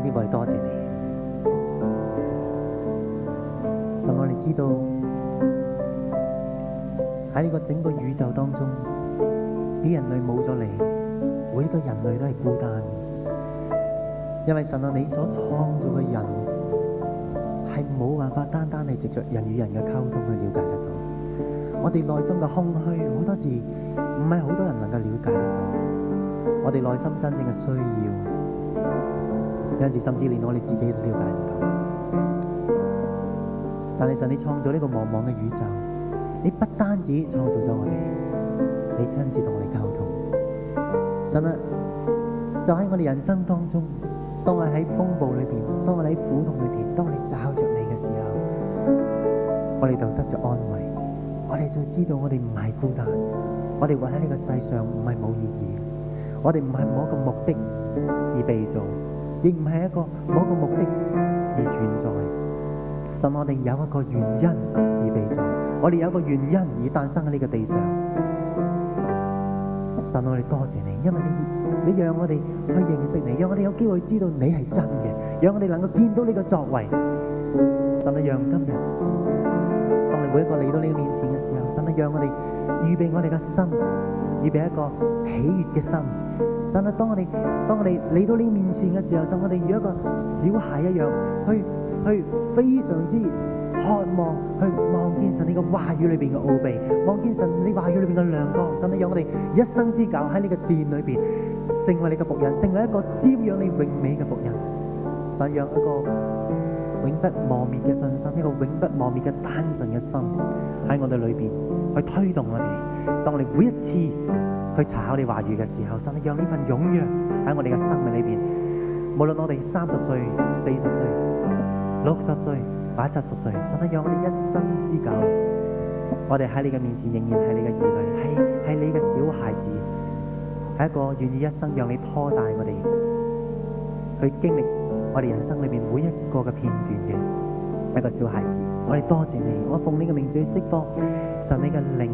啲愛多謝你。神，我哋知道喺呢個整個宇宙當中，啲人類冇咗你，每一個人類都係孤單嘅，因為神啊，你所創造嘅人係冇辦法單單地藉着人與人嘅溝通去了解得到，我哋內心嘅空虛好多時唔係好多人能夠了解得到，我哋內心真正嘅需要。有陣時，甚至連我哋自己都了解唔到。但係，神，你創造呢個茫茫嘅宇宙，你不單止創造咗我哋，你親自同我哋溝通。神啊，就喺我哋人生當中，當我喺風暴裏邊，當我喺苦痛裏邊，當我哋找着你嘅時候，我哋就得著安慰，我哋就知道我哋唔係孤單，我哋活喺呢個世上唔係冇意義，我哋唔係冇一個目的而被造。亦唔係一個某一個目的而存在，神，我哋有一個原因而被造，我哋有一個原因而誕生喺呢個地上。神，我哋多謝你，因為你你讓我哋去認識你，讓我哋有機會知道你係真嘅，讓我哋能夠見到你嘅作為。神，我讓今日當我哋每一個嚟到你面前嘅時候，神，我讓我哋預備我哋嘅心，預備一個喜悅嘅心。神啊！當我哋當我哋嚟到你面前嘅時候，就我哋如一個小孩一樣，去去非常之渴望去望見神你嘅話語裏邊嘅奧秘，望見神你話語裏邊嘅亮光。神啊，讓我哋一生之久喺你嘅殿裏邊，成為你嘅僕人，成為一個瞻仰你榮美嘅僕人。神，讓一個永不磨滅嘅信心，一個永不磨滅嘅單純嘅心喺我哋裏邊去推動我哋，當我哋每一次，去查考你話語嘅時候，神，你讓呢份踴躍喺我哋嘅生命裏邊。無論我哋三十歲、四十歲、六十歲或者七十歲，神，你讓我哋一生之久，我哋喺你嘅面前仍然係你嘅兒女，係係你嘅小孩子，係一個願意一生讓你拖大我哋去經歷我哋人生裏邊每一個嘅片段嘅一個小孩子。我哋多謝、謝你，我奉你嘅名字釋放神，上你嘅靈，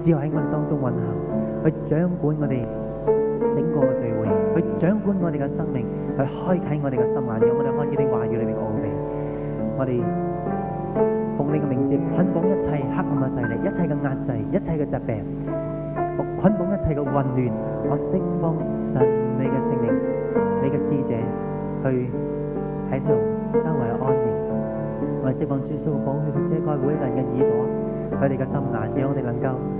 只有喺我哋當中運行。去掌管我哋整個嘅聚會，去掌管我哋嘅生命，去開啟我哋嘅心眼，讓我哋看見你話語裏邊嘅奧秘。我哋奉你嘅名字捆綁，綁一切黑暗嘅勢力，一切嘅壓制，一切嘅疾病。我捆綁，綁一切嘅混亂，我釋放神你嘅聖靈，你嘅使者去喺度周圍安營，我釋放珠數寶器去遮蓋每一個人嘅耳朵，佢哋嘅心眼，讓我哋能夠。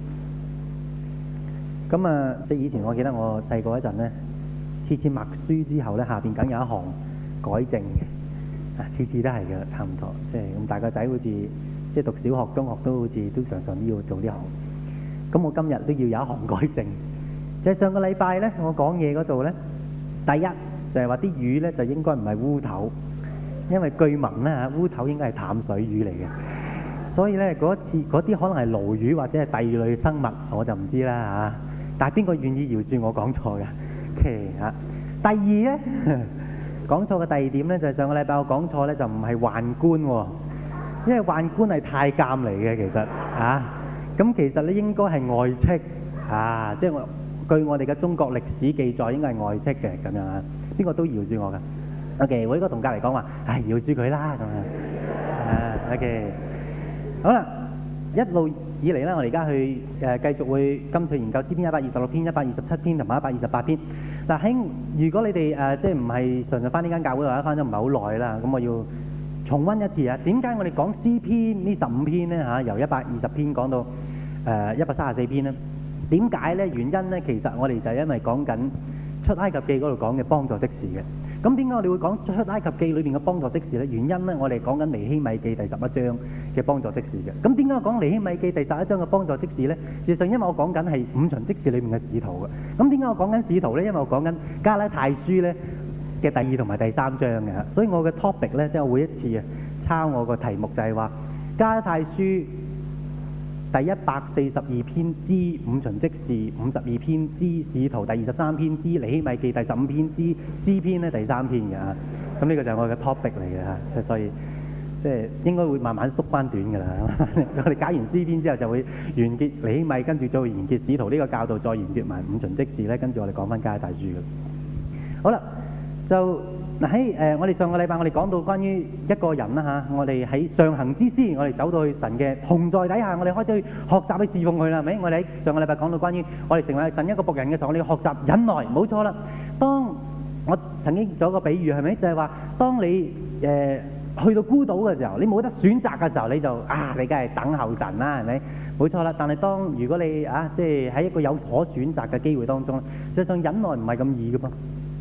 咁啊，即係以前我記得我細個嗰陣呢，次次默書之後呢，下邊梗有一行改正嘅，啊，次次都係嘅，差唔多。即係咁大個仔好似，即係讀小學、中學都好似都常常都要做呢行。咁我今日都要有一行改正。即係上個禮拜呢，我講嘢嗰度呢，第一就係話啲魚呢，就應該唔係烏頭，因為據聞呢，嚇烏頭應該係淡水魚嚟嘅，所以呢，嗰次嗰啲可能係鱸魚或者係第二類生物，我就唔知啦嚇。但係邊個願意饒恕我講錯㗎？OK 啊。第二咧，講錯嘅第二點咧，就係上個禮拜我講錯咧，就唔係宦官喎，因為宦官係太監嚟嘅，其實啊。咁其實咧，應該係外戚啊，即係我據我哋嘅中國歷史記載應該係外戚嘅咁樣啊。邊個都饒恕我㗎？OK，我應該同隔籬講話，唉饒恕佢啦咁啊。OK。好啦，一路。以嚟咧，我哋而家去誒繼續會今次研究詩篇一百二十六篇、一百二十七篇同埋一百二十八篇。嗱、啊，兄，如果你哋誒、呃、即係唔係常常返呢間教會，或者返咗唔係好耐啦，咁我要重溫一次啊。點解我哋講詩篇呢十五篇咧嚇？由一百二十篇講到誒一百三十四篇咧？點解咧？原因咧，其實我哋就係因為講緊出埃及記嗰度講嘅幫助的事嘅。咁點解我哋會講出埃及記裏面嘅幫助職事咧？原因咧，我哋講緊尼希米記第十一章嘅幫助職事嘅。咁點解我講尼希米記第十一章嘅幫助職事咧？事實上，因為我講緊係五層職事裏面嘅使徒嘅。咁點解我講緊使徒咧？因為我講緊加拉太書咧嘅第二同埋第三章嘅。所以我嘅 topic 咧，即係我每一次啊，抄我個題目就係話加拉太書。第一百四十二篇之五旬即事，五十二篇之使徒，第二十三篇之尼希米記，第十五篇之詩篇咧，第三篇嘅啊，咁呢個就係我嘅 topic 嚟嘅啊，即係所以即係、就是、應該會慢慢縮翻短嘅啦。 我哋解完詩篇之後就會完結尼希米，跟住做完結使徒呢個教導，再完結埋五旬即事咧，跟住我哋講翻加拉太書嘅。好啦，就。嗱喺誒，我哋上個禮拜我哋講到關於一個人啦嚇，我哋喺上行之詩，我哋走到去神嘅同在底下，我哋開始去學習去侍奉佢啦，係咪？我哋喺上個禮拜講到關於我哋成為神一個僕人嘅時候，我哋要學習忍耐，冇錯啦。當我曾經做一個比喻，係咪就係話，當你誒去到孤島嘅時候，你冇得選擇嘅時候，你就啊，你梗係等候神啦，係咪？冇錯啦。但係當如果你啊，即係喺一個有可選擇嘅機會當中，實際上忍耐唔係咁易嘅噃。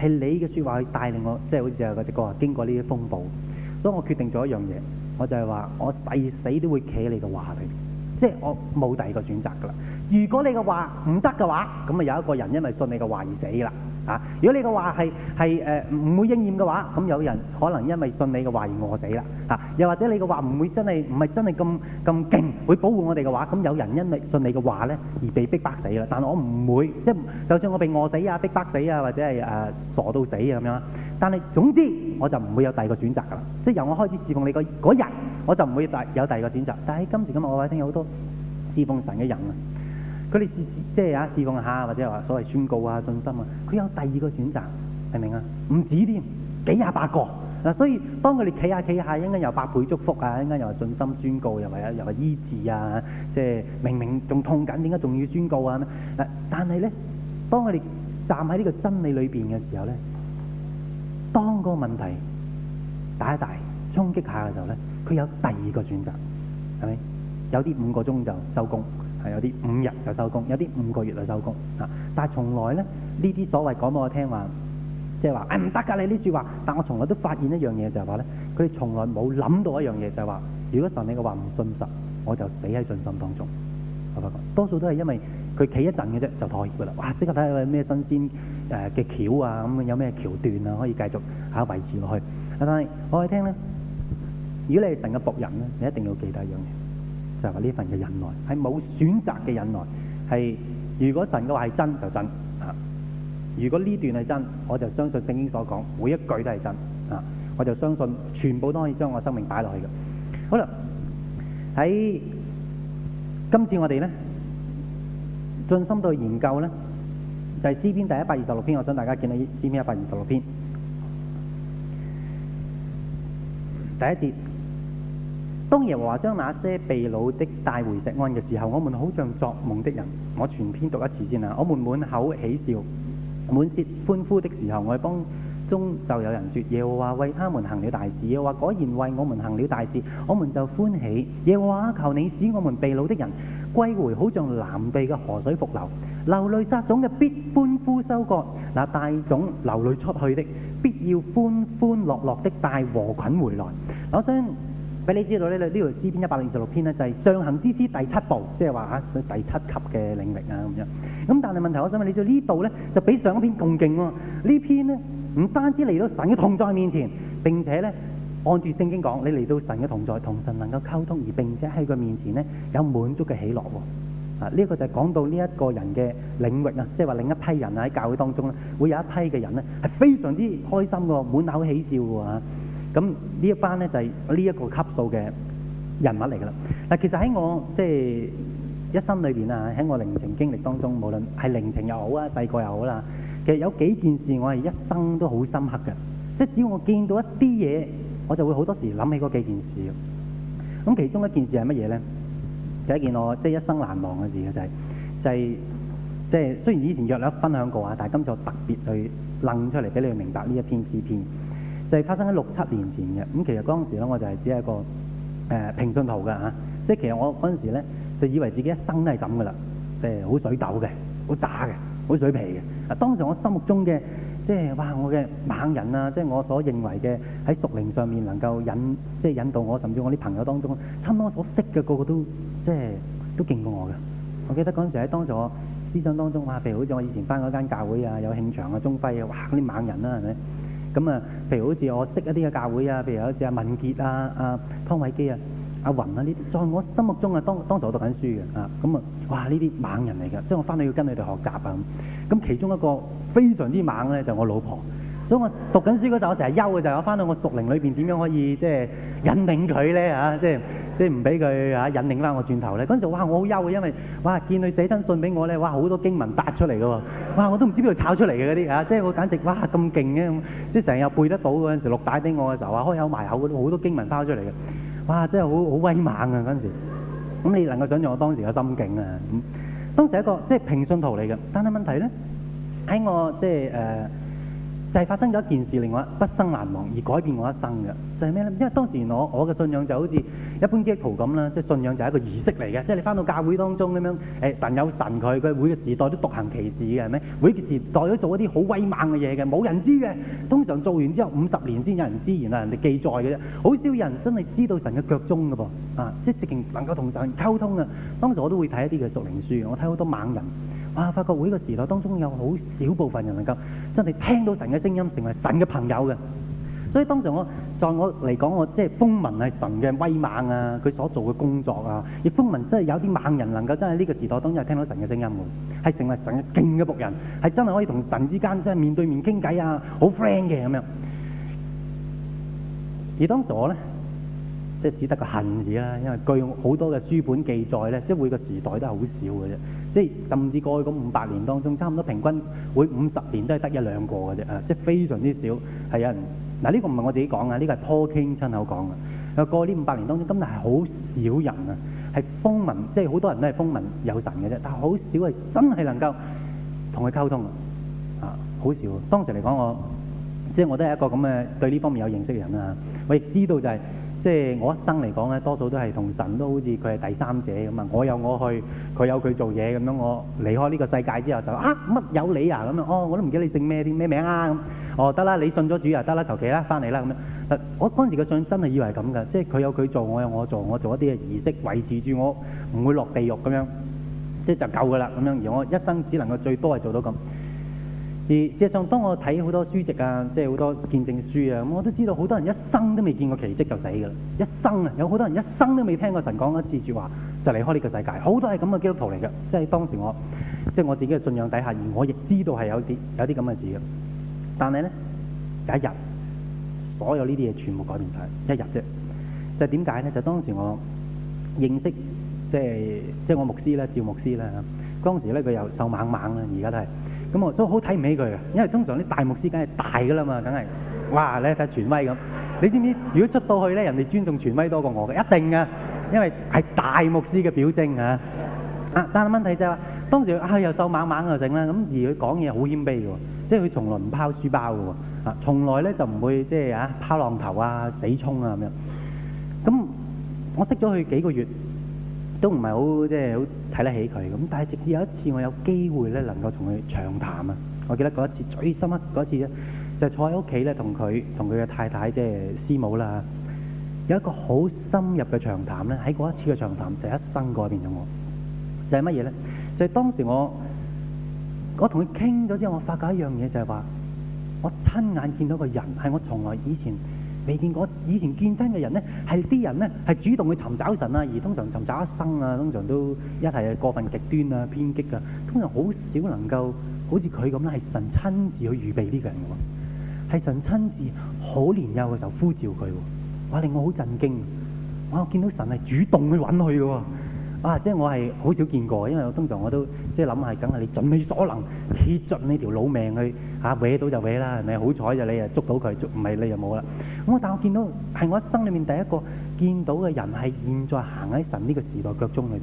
係你嘅説話去帶領我，即係好似啊嗰隻歌話，經過呢啲風暴，所以我決定咗一樣嘢，我就係話，我誓死都會企喺你嘅話裏面，即係我冇第二個選擇㗎啦。如果你嘅話唔得嘅話，咁啊有一個人因為信你嘅話而死啦。啊！如果你嘅話係係誒唔唔會應驗嘅話，咁有人可能因為信你嘅話而餓死啦。啊！又或者你嘅話唔會真係唔係真係咁咁勁，會保護我哋嘅話，咁有人因為信你嘅話咧而被逼迫死啦。但係我唔會即係，就算我被餓死啊、逼迫死啊，或者係誒、呃、傻到死咁樣。但係總之我就唔會有第二個選擇㗎啦。即係由我開始侍奉你嘅嗰日，我就唔會第有第二個選擇。但係今時今日，我哋聽到好多侍奉神嘅人啊。佢哋試即係啊，試奉下或者話所謂宣告啊、信心啊，佢有第二個選擇，明唔明啊？唔止添，幾廿百個嗱，所以當佢哋企下企下，一間又百倍祝福啊，一間又信心宣告，又話又話醫治啊，即係明明仲痛緊，點解仲要宣告啊？但係咧，當佢哋站喺呢個真理裏邊嘅時候咧，當個問題打一大衝擊下嘅時候咧，佢有第二個選擇，係咪？有啲五個鐘就收工。係有啲五日就收工，有啲五個月就收工。啊！但係從來咧，呢啲所謂講俾我聽話，即係話誒唔得㗎你呢啲説話。但我從來都發現一樣嘢，就係話咧，佢哋從來冇諗到一樣嘢，就係話如果神你嘅話唔信實，我就死喺信心當中。我發覺多數都係因為佢企一陣嘅啫，就妥協㗎啦。哇！即刻睇下有咩新鮮誒嘅橋啊，咁有咩橋段啊，可以繼續嚇維持落去。但係我話你聽咧，如果你係神嘅僕人咧，你一定要記得一樣嘢。就係話呢份嘅忍耐，係冇選擇嘅忍耐。係如果神嘅話係真就真，嚇。如果呢段係真，我就相信聖經所講每一句都係真，啊，我就相信全部都可以將我生命擺落去嘅。好啦，喺今次我哋咧進深度研究咧，就係詩篇第一百二十六篇。我想大家見到詩篇一百二十六篇第一節。當耶和華將那些被擄的帶回錫安嘅時候，我們好像作夢的人。我全篇讀一次先啦。我們滿口喜笑、滿舌歡呼的時候，我列邦中就有人說，耶和華為他們行了大事。耶和華果然為我們行了大事，我們就歡喜。耶和華求你使我們被擄的人歸回，好像南地嘅河水復流，流淚撒種嘅必歡呼收割，嗱，帶種流淚出去的，必要歡歡樂樂的帶禾捆回來。我想。俾你知道咧，呢條詩篇一百二十六篇呢，就係上行之詩第七部，即係話嚇第七級嘅領域啊咁樣。咁但係問題，我想問你知道呢度呢，就比上一篇更勁喎。呢篇呢，唔單止嚟到神嘅同在面前，並且呢，按住聖經講，你嚟到神嘅同在，同神能夠溝通，而並且喺佢面前呢，有滿足嘅喜樂喎。啊，呢個就係講到呢一個人嘅領域啊，即係話另一批人啊喺教會當中咧，會有一批嘅人呢，係非常之開心嘅喎，滿口喜笑嘅喎咁呢一班咧就係呢一個級數嘅人物嚟噶啦。嗱，其實喺我即係一生裏邊啊，喺我靈情經歷當中，無論係靈情又好啊，細個又好啦，其實有幾件事我係一生都好深刻嘅。即係只要我見到一啲嘢，我就會好多時諗起嗰幾件事。咁其中一件事係乜嘢咧？第一件我即係一生難忘嘅事嘅就係就係即係雖然以前約你分享過啊，但係今次我特別去掕出嚟俾你明白呢一篇詩篇。就係發生喺六七年前嘅，咁其實嗰陣時咧，我就係只係一個誒平信徒嘅嚇，即係其實我嗰陣時咧就以為自己一生都係咁噶啦，即係好水痘嘅，好渣嘅，好水皮嘅。嗱，當時我心目中嘅即係哇，我嘅猛人啊，即係我所認為嘅喺熟齡上面能夠引即係引導我，甚至我啲朋友當中，差唔多我所識嘅個個都即係都敬過我嘅。我記得嗰陣時喺當時我思想當中哇，譬如好似我以前翻嗰間教會啊，有慶祥啊、鐘輝啊，哇，嗰啲猛人啦，係咪？咁啊，譬如好似我識一啲嘅教會啊，譬如好似阿文杰啊、阿湯偉基啊、阿云啊呢啲，在我心目中啊，當當時我讀緊書嘅啊，咁啊，哇呢啲猛人嚟嘅，即係我翻去要跟你哋學習啊咁。咁其中一個非常之猛咧，就係我老婆。所以我讀緊書嗰陣，我成日憂嘅就係我翻到我熟靈裏邊點樣可以即係引領佢咧嚇，即係即係唔俾佢嚇引領翻我轉頭咧。嗰陣時候哇，我好憂嘅，因為哇見佢寫親信俾我咧，哇好多經文答出嚟嘅喎，哇我都唔知邊度抄出嚟嘅嗰啲嚇，即係我簡直哇咁勁嘅，即係成日背得到，嗰陣時錄帶俾我嘅時候啊，開口埋口好多經文拋出嚟嘅，哇真係好好威猛啊嗰陣時。咁你能夠想象我當時嘅心境啊？嗯、當時係一個即係平信徒嚟嘅，但係問題咧喺我即係誒。呃係發生了一件事，令我畢生難忘而改變我一生的就係咩咧？因為當時我我嘅信仰就好似一般基督徒咁啦，即係信仰就係一個儀式嚟嘅。即係你翻到教會當中咁樣，誒神有神佢，佢每個時代都獨行其事嘅，係咪？每個時代都做一啲好威猛嘅嘢嘅，冇人知嘅。通常做完之後五十年先有人知，然後人哋記載嘅啫。好少人真係知道神嘅腳蹤嘅噃，啊！即係直情能夠同神溝通啊！當時我都會睇一啲嘅屬靈書，我睇好多猛人，哇！我發覺會呢個時代當中有好少部分人能夠真係聽到神嘅聲音，成為神嘅朋友嘅。所以當時我在我嚟講，我即係風聞係神嘅威猛啊，佢所做嘅工作啊，亦風聞真係有啲猛人能夠真係呢個時代當中聽到神嘅聲音嘅，係成為神嘅勁嘅僕人，係真係可以同神之間真係面對面傾偈啊，好 friend 嘅咁樣。而當時我咧即係只得個恨字啦，因為據好多嘅書本記載咧，即係每個時代都係好少嘅啫。即係甚至過去咁五百年當中，差唔多平均每五十年都係得一兩個嘅啫，即係非常之少，係有人。嗱，呢個唔係我自己講啊。呢、這個係 Paul King 親口講嘅。有過呢五百年當中，今日係好少人啊，係風聞，即係好多人都係風聞有神嘅啫，但係好少係真係能夠同佢溝通啊，好少。當時嚟講，即我即係我都係一個咁嘅對呢方面有認識嘅人啊，我亦知道就係、是。即係我一生嚟講咧，多數都係同神都好似佢係第三者咁啊！我有我去，佢有佢做嘢咁樣。我離開呢個世界之後就話啊乜有你啊咁樣哦！我都唔記得你姓咩啲咩名啊咁，哦得啦，你信咗主啊得啦，求其啦翻嚟啦，咁樣我嗰陣時個信真係以為咁㗎，即係佢有佢做，我有我做，我做一啲嘅儀式維持住我唔會落地獄咁樣，即係就夠㗎啦咁樣。而我一生只能夠最多係做到咁。而事實上，當我睇好多書籍啊，即係好多見證書啊，我都知道好多人一生都未見過奇蹟就死㗎啦，一生啊，有好多人一生都未聽過神講一次説話就離開呢個世界，好多係咁嘅基督徒嚟嘅，即係當時我即係我自己嘅信仰底下，而我亦知道係有啲有啲咁嘅事嘅。但係咧，有一日，所有呢啲嘢全部改變晒。一日啫。就點解咧？就當時我認識，即係即係我牧師咧，趙牧師啦。當時咧，佢又瘦猛猛啦，而家都係。咁我所以好睇唔起佢嘅，因為通常啲大牧師梗係大噶啦嘛，梗係，哇！你睇下權威咁，你知唔知？如果出到去咧，人哋尊重權威多過我嘅，一定啊，因為係大牧師嘅表證啊。啊，但係問題就係話，當時啊，佢又瘦蜢蜢又成啦，咁而佢講嘢好謙卑嘅喎，即係佢從來唔拋書包嘅喎，啊，從來咧就唔會即係啊拋浪頭啊死衝啊咁樣。咁我識咗佢幾個月。都唔係好即係好睇得起佢咁，但係直至有一次我有機會咧，能夠同佢長談啊！我記得嗰一次最深刻嗰次咧，就係、坐喺屋企咧同佢同佢嘅太太即係、就係、師母啦，有一個好深入嘅長談咧。喺嗰一次嘅長談就係、一生改變咗我，就係乜嘢咧？就係、是、當時我我同佢傾咗之後，我發覺一樣嘢就係話，我親眼見到一個人係我從來以前未見過，以前見真嘅人咧，係啲人咧係主動去尋找神啊，而通常尋找一生啊，通常都一係過分極端啊、偏激啊，通常好少能夠好似佢咁啦，係神親自去預備呢個人嘅喎，係神親自好年幼嘅時候呼召佢喎，哇！令我好震驚，哇！我見到神係主動去揾佢嘅喎。啊！即係我係好少見過，因為我通常我都即係諗係，梗係你盡你所能，竭盡你條老命去嚇搲、啊、到就搲啦，係咪？好彩就你啊捉到佢，捉唔係你又冇啦。咁、嗯、啊，但我見到係我一生裡面第一個見到嘅人係現在行喺神呢個時代腳中裏邊。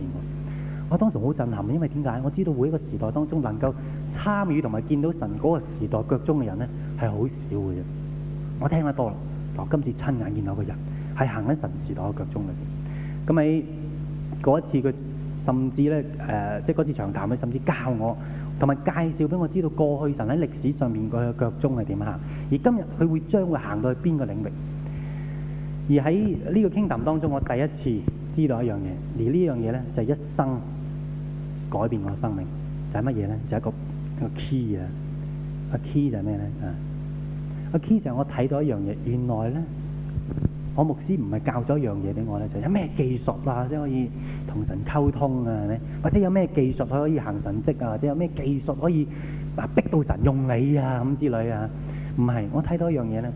我當時好震撼，因為點解？我知道每一個時代當中能夠參與同埋見到神嗰個時代腳中嘅人咧，係好少嘅。我聽得多啦，我今次親眼見到個人係行喺神時代嘅腳中裏邊。咁喺嗰一次佢甚至咧誒，即係嗰次長談，佢甚至教我同埋介紹俾我知道過去神喺歷史上面個腳蹤係點行，而今日佢會將佢行到去邊個領域？而喺呢個傾談當中，我第一次知道一樣嘢，而呢樣嘢咧就係一生改變我嘅生命，就係乜嘢咧？就係一個一個 key 啊！啊 key 就係咩咧？啊 key 就係我睇到一樣嘢，原來咧。我牧師唔係教咗一樣嘢俾我咧，就有咩技術啊，先、就是、可以同神溝通啊，或者有咩技術可以行神蹟啊，或者有咩技術可以逼到神用你啊咁之類啊。唔係，我睇到一樣嘢咧，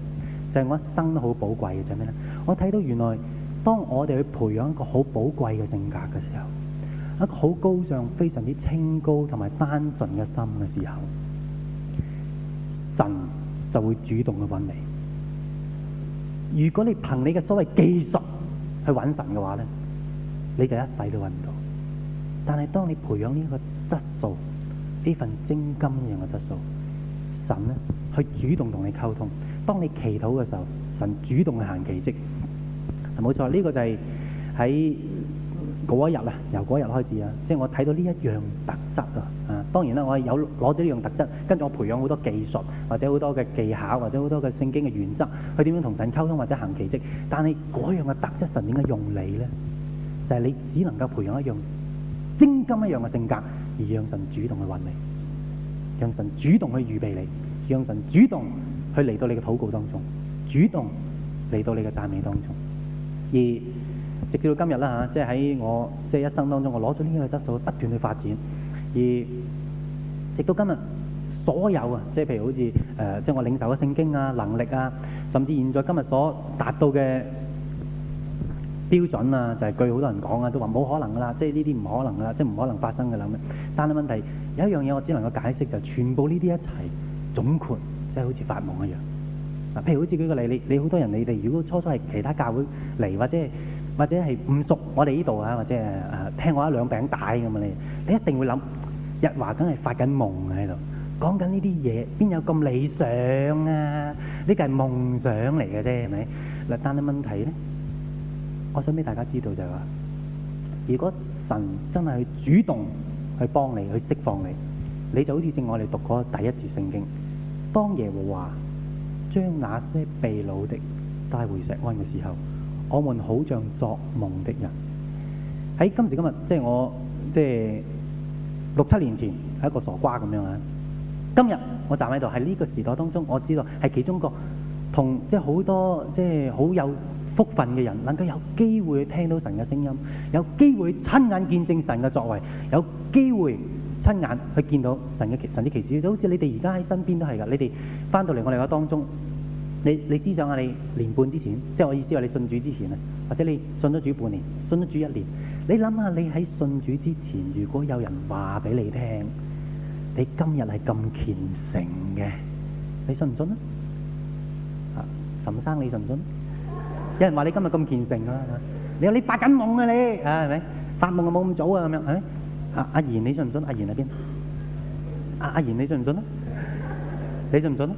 就係、是、我一生都好寶貴嘅，就係咩咧？我睇到原來，當我哋去培養一個好寶貴嘅性格嘅時候，一個好高尚、非常之清高同埋單純嘅心嘅時候，神就會主動去搵你。如果你憑你嘅所謂技術去揾神嘅話咧，你就一世都揾唔到。但係當你培養呢個質素，呢份精金樣嘅質素，神咧去主動同你溝通。當你祈禱嘅時候，神主動去行奇蹟。冇錯，呢個就係喺嗰一日啊，由嗰一日開始啊，即係我睇到呢一樣特質啊。當然啦，我有攞咗呢樣特質，跟住我培養好多技術，或者好多嘅技巧，或者好多嘅聖經嘅原則，去點樣同神溝通或者行奇蹟？但係嗰樣嘅特質，神點解用你咧？就係你只能夠培養一樣精金一樣嘅性格，而讓神主動去揾你，讓神主動去預備你，讓神主動去嚟到你嘅禱告當中，主動嚟到你嘅讚美當中。而直至到今日啦嚇，即係喺我即係一生當中，我攞咗呢個質素不斷去發展，而直到今日，所有啊，即係譬如好似誒，即係我領受嘅聖經啊、能力啊，甚至現在今日所達到嘅標準啊，就係據好多人講啊，都話冇可能噶啦，即係呢啲唔可能噶啦，即係唔可能發生噶啦咁。但係問題，有一樣嘢，我只能夠解釋就係全部呢啲一齊總括，即係好似發夢一樣。嗱，譬如好似舉個例，你你好多人，你哋如果初初係其他教會嚟，或者或者係唔熟我哋呢度啊，或者係聽我一兩餅帶咁啊，你你一定會諗。日華梗係發緊夢喺度，講緊呢啲嘢，邊有咁理想啊？呢個係夢想嚟嘅啫，係咪？嗱，但係問題咧，我想俾大家知道就係、是、話，如果神真係去主動去幫你去釋放你，你就好似正我哋讀嗰第一節聖經，當耶和華將那些被擄的帶回錫安嘅時候，我們好像作夢的人。喺今時今日，即係我，即係。六七年前係一個傻瓜咁樣啊！今日我站喺度，喺呢個時代當中，我知道係其中一個，同即係好多即係好有福分嘅人，能夠有機會聽到神嘅聲音，有機會親眼見證神嘅作為，有機會親眼去見到神嘅奇神之奇事。好似你哋而家喺身邊都係㗎，你哋翻到嚟我哋嘅當中，你，你思想下，你年半之前，即係我意思話你信主之前啊，或者你信咗主半年，信咗主一年。你諗下，你喺信主之前，如果有人話俾你聽，你今日係咁虔誠嘅，你信唔信啊？啊，岑生，你信唔信？有人話你今日咁虔誠啊？你話你發緊夢啊你，啊係咪？發夢啊，冇咁早啊咁樣，係咪？阿阿怡，你信唔信？阿怡喺邊，阿阿怡，你信唔信啊？你信唔信啊？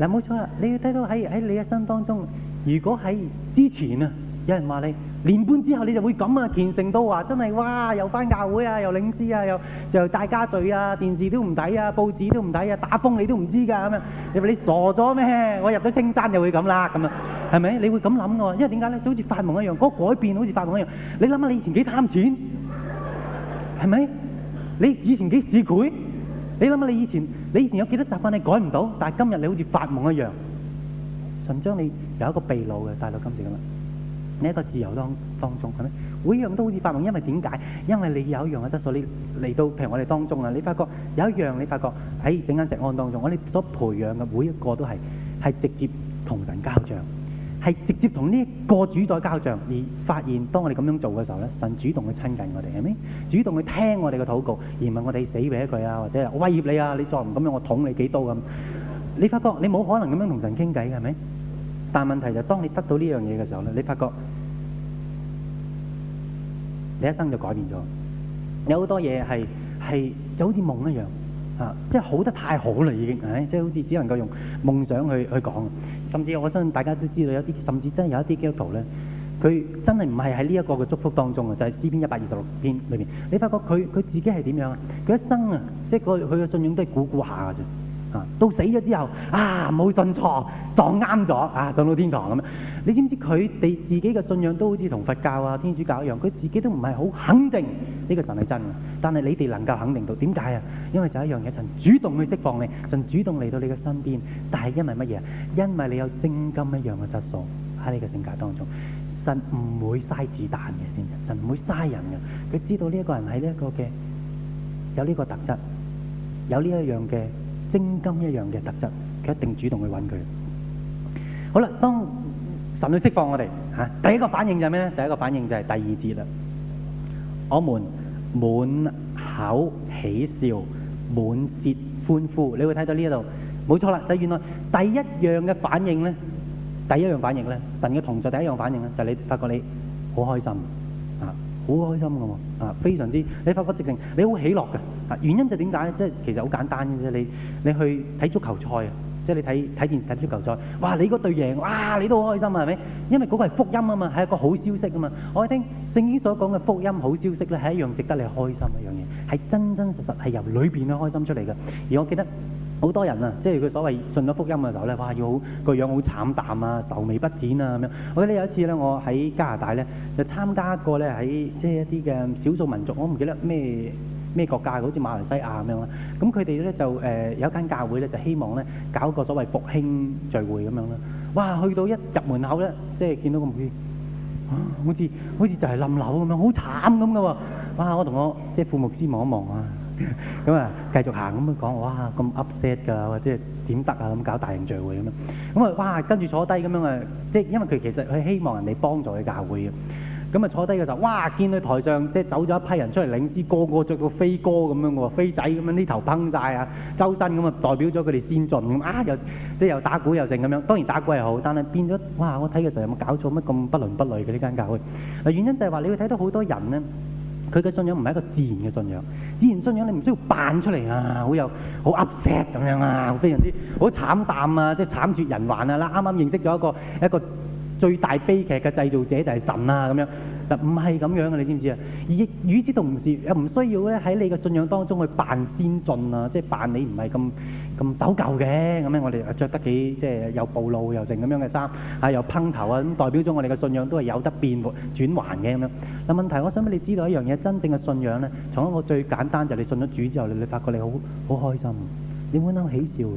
嗱，冇錯啊，你要睇到喺喺你一生當中，如果喺之前啊。有人話你年半之後你就會咁啊，虔誠到話真係哇，又返教會啊，又領詩啊，又就大家聚啊，電視都唔睇啊，報紙都唔睇啊，打風你都唔知㗎咁樣。你話你傻咗咩？我入咗青山就會咁啦，咁啊，係咪？你會咁諗㗎？因為點解咧？就好似發夢一樣，嗰個改變好似發夢一樣。你諗下你以前幾貪錢，係咪？你以前幾市儈？你諗下你以前，你以前有幾多習慣你改唔到？但係今日你好似發夢一樣，神將你有一個秘魯嘅帶到今次咁啊！你一個自由當當中，係咪？每樣都好似發夢，因為點解？因為你有一樣嘅質素，你嚟到譬如我哋當中啊，你發覺有一樣，你發覺喺整間石案當中，我哋所培養嘅每一個都係係直接同神交象，係直接同呢個主宰交象而發現，當我哋咁樣做嘅時候咧，神主動去親近我哋，係咪？主動去聽我哋嘅禱告，而唔係我哋死畀佢啊，或者我威脅你啊，你再唔咁樣，我捅你幾刀咁。你發覺你冇可能咁樣同神傾偈嘅，係咪？但問題就係，當你得到呢樣嘢嘅時候咧，你發覺你一生就改變咗。有好多嘢係係就好似夢一樣，啊！即係好得太好啦，已經，唉！即係好似只能夠用夢想去去講。甚至我相信大家都知道有些，有啲甚至真係有一啲基督徒咧，佢真係唔係喺呢一個嘅祝福當中呀，就係、是、詩篇一百二十六篇裏面。你發覺佢佢自己係點樣啊？佢一生啊，即係佢佢嘅信仰都係估估下嘅啫。到死咗之後啊，冇信錯，撞啱咗啊，上到天堂咁樣。你知唔知佢哋自己嘅信仰都好似同佛教啊、天主教一樣，佢自己都唔係好肯定呢個神係真嘅。但係你哋能夠肯定到點解啊？因為就一樣嘢，神主動去釋放你，神主動嚟到你嘅身邊。但係因為乜嘢？因為你有精金一樣嘅質素喺你嘅性格當中，神唔會嘥子彈嘅，點解？神唔會嘥人嘅。佢知道呢一個人係呢一個嘅有呢個特質，有呢一樣嘅。精金一樣嘅特質，佢一定主動去揾佢。好啦，當神要釋放我哋吓，第一個反應就係咩咧？第一個反應就係第二節啦。我們滿口喜笑，滿舌歡呼。你會睇到呢一度冇錯啦，就原來第一樣嘅反應咧，第一樣反應咧，神嘅同在第一樣反應咧，就你發覺你好開心。好開心嘅喎，啊非常之，你發覺直情你好喜樂嘅，啊原因就點解咧？即係其實好簡單嘅啫，你你去睇足球賽，即係你睇睇電視睇足球賽，哇你嗰隊贏，哇你都好開心啊，係咪？因為嗰個係福音啊嘛，係一個好消息啊嘛。我哋聽聖經所講嘅福音好消息咧，係一樣值得你開心一樣嘢，係真真實實係由裏邊嘅開心出嚟嘅。而我記得。好多人啊，即係佢所謂信咗福音嘅時候咧，哇，要好個樣好慘淡啊，愁眉不展啊咁樣。我記得有一次咧，我喺加拿大咧就參加過咧喺即係一啲嘅少數民族，我唔記得咩咩國家好似馬來西亞咁樣啦。咁佢哋咧就誒有一間教會咧就希望咧搞個所謂復興聚會咁樣啦。哇，去到一入門口咧，即係見到個會啊，好似好似就係冧樓咁樣，好慘咁嘅喎。哇，我同我即係副牧師望一望啊。咁啊， 繼續行咁去講，哇，咁 upset 噶，或者點得啊？咁搞大型聚會咁樣，咁啊，哇，跟住坐低咁樣啊，即係因為佢其實佢希望人哋幫助佢教會嘅，咁啊坐低嘅時候，哇，見到台上即係走咗一批人出嚟領詩，個個着到飛哥咁樣喎，飛仔咁樣呢頭崩晒啊，周身咁啊，代表咗佢哋先進咁啊，又即係又打鼓又成咁樣，當然打鼓又好，但係變咗，哇！我睇嘅時候，有冇搞錯乜咁不倫不類嘅呢間教會？原因就係話你會睇到好多人咧。佢嘅信仰唔係一個自然嘅信仰，自然信仰你唔需要扮出嚟啊，好有好 upset 咁樣啊，好非常之好慘淡啊，即係慘絕人寰啊啦，啱啱認識咗一個一個最大悲劇嘅製造者就係神啊咁樣。唔係咁樣嘅，你知唔知啊？而與此同時，又唔需要咧喺你嘅信仰當中去扮先進啊，即係扮你唔係咁咁守舊嘅咁咧。我哋着得幾即係又暴露又剩咁樣嘅衫啊，又噴頭啊咁，代表咗我哋嘅信仰都係有得變轉還嘅咁樣。嗱，問題，我想俾你知道一樣嘢，真正嘅信仰咧，從一個最簡單就係你信咗主之後，你你發覺你好好開心，你會嬲起笑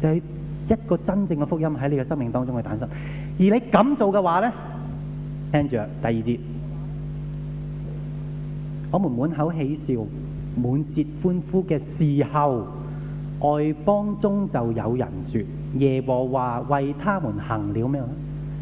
就係一個真正嘅福音喺你嘅生命當中去誕生。而你咁做嘅話咧，聽著第二節。我們滿口喜笑、滿舌歡呼嘅時候，外邦中就有人説：耶和華為他們行了咩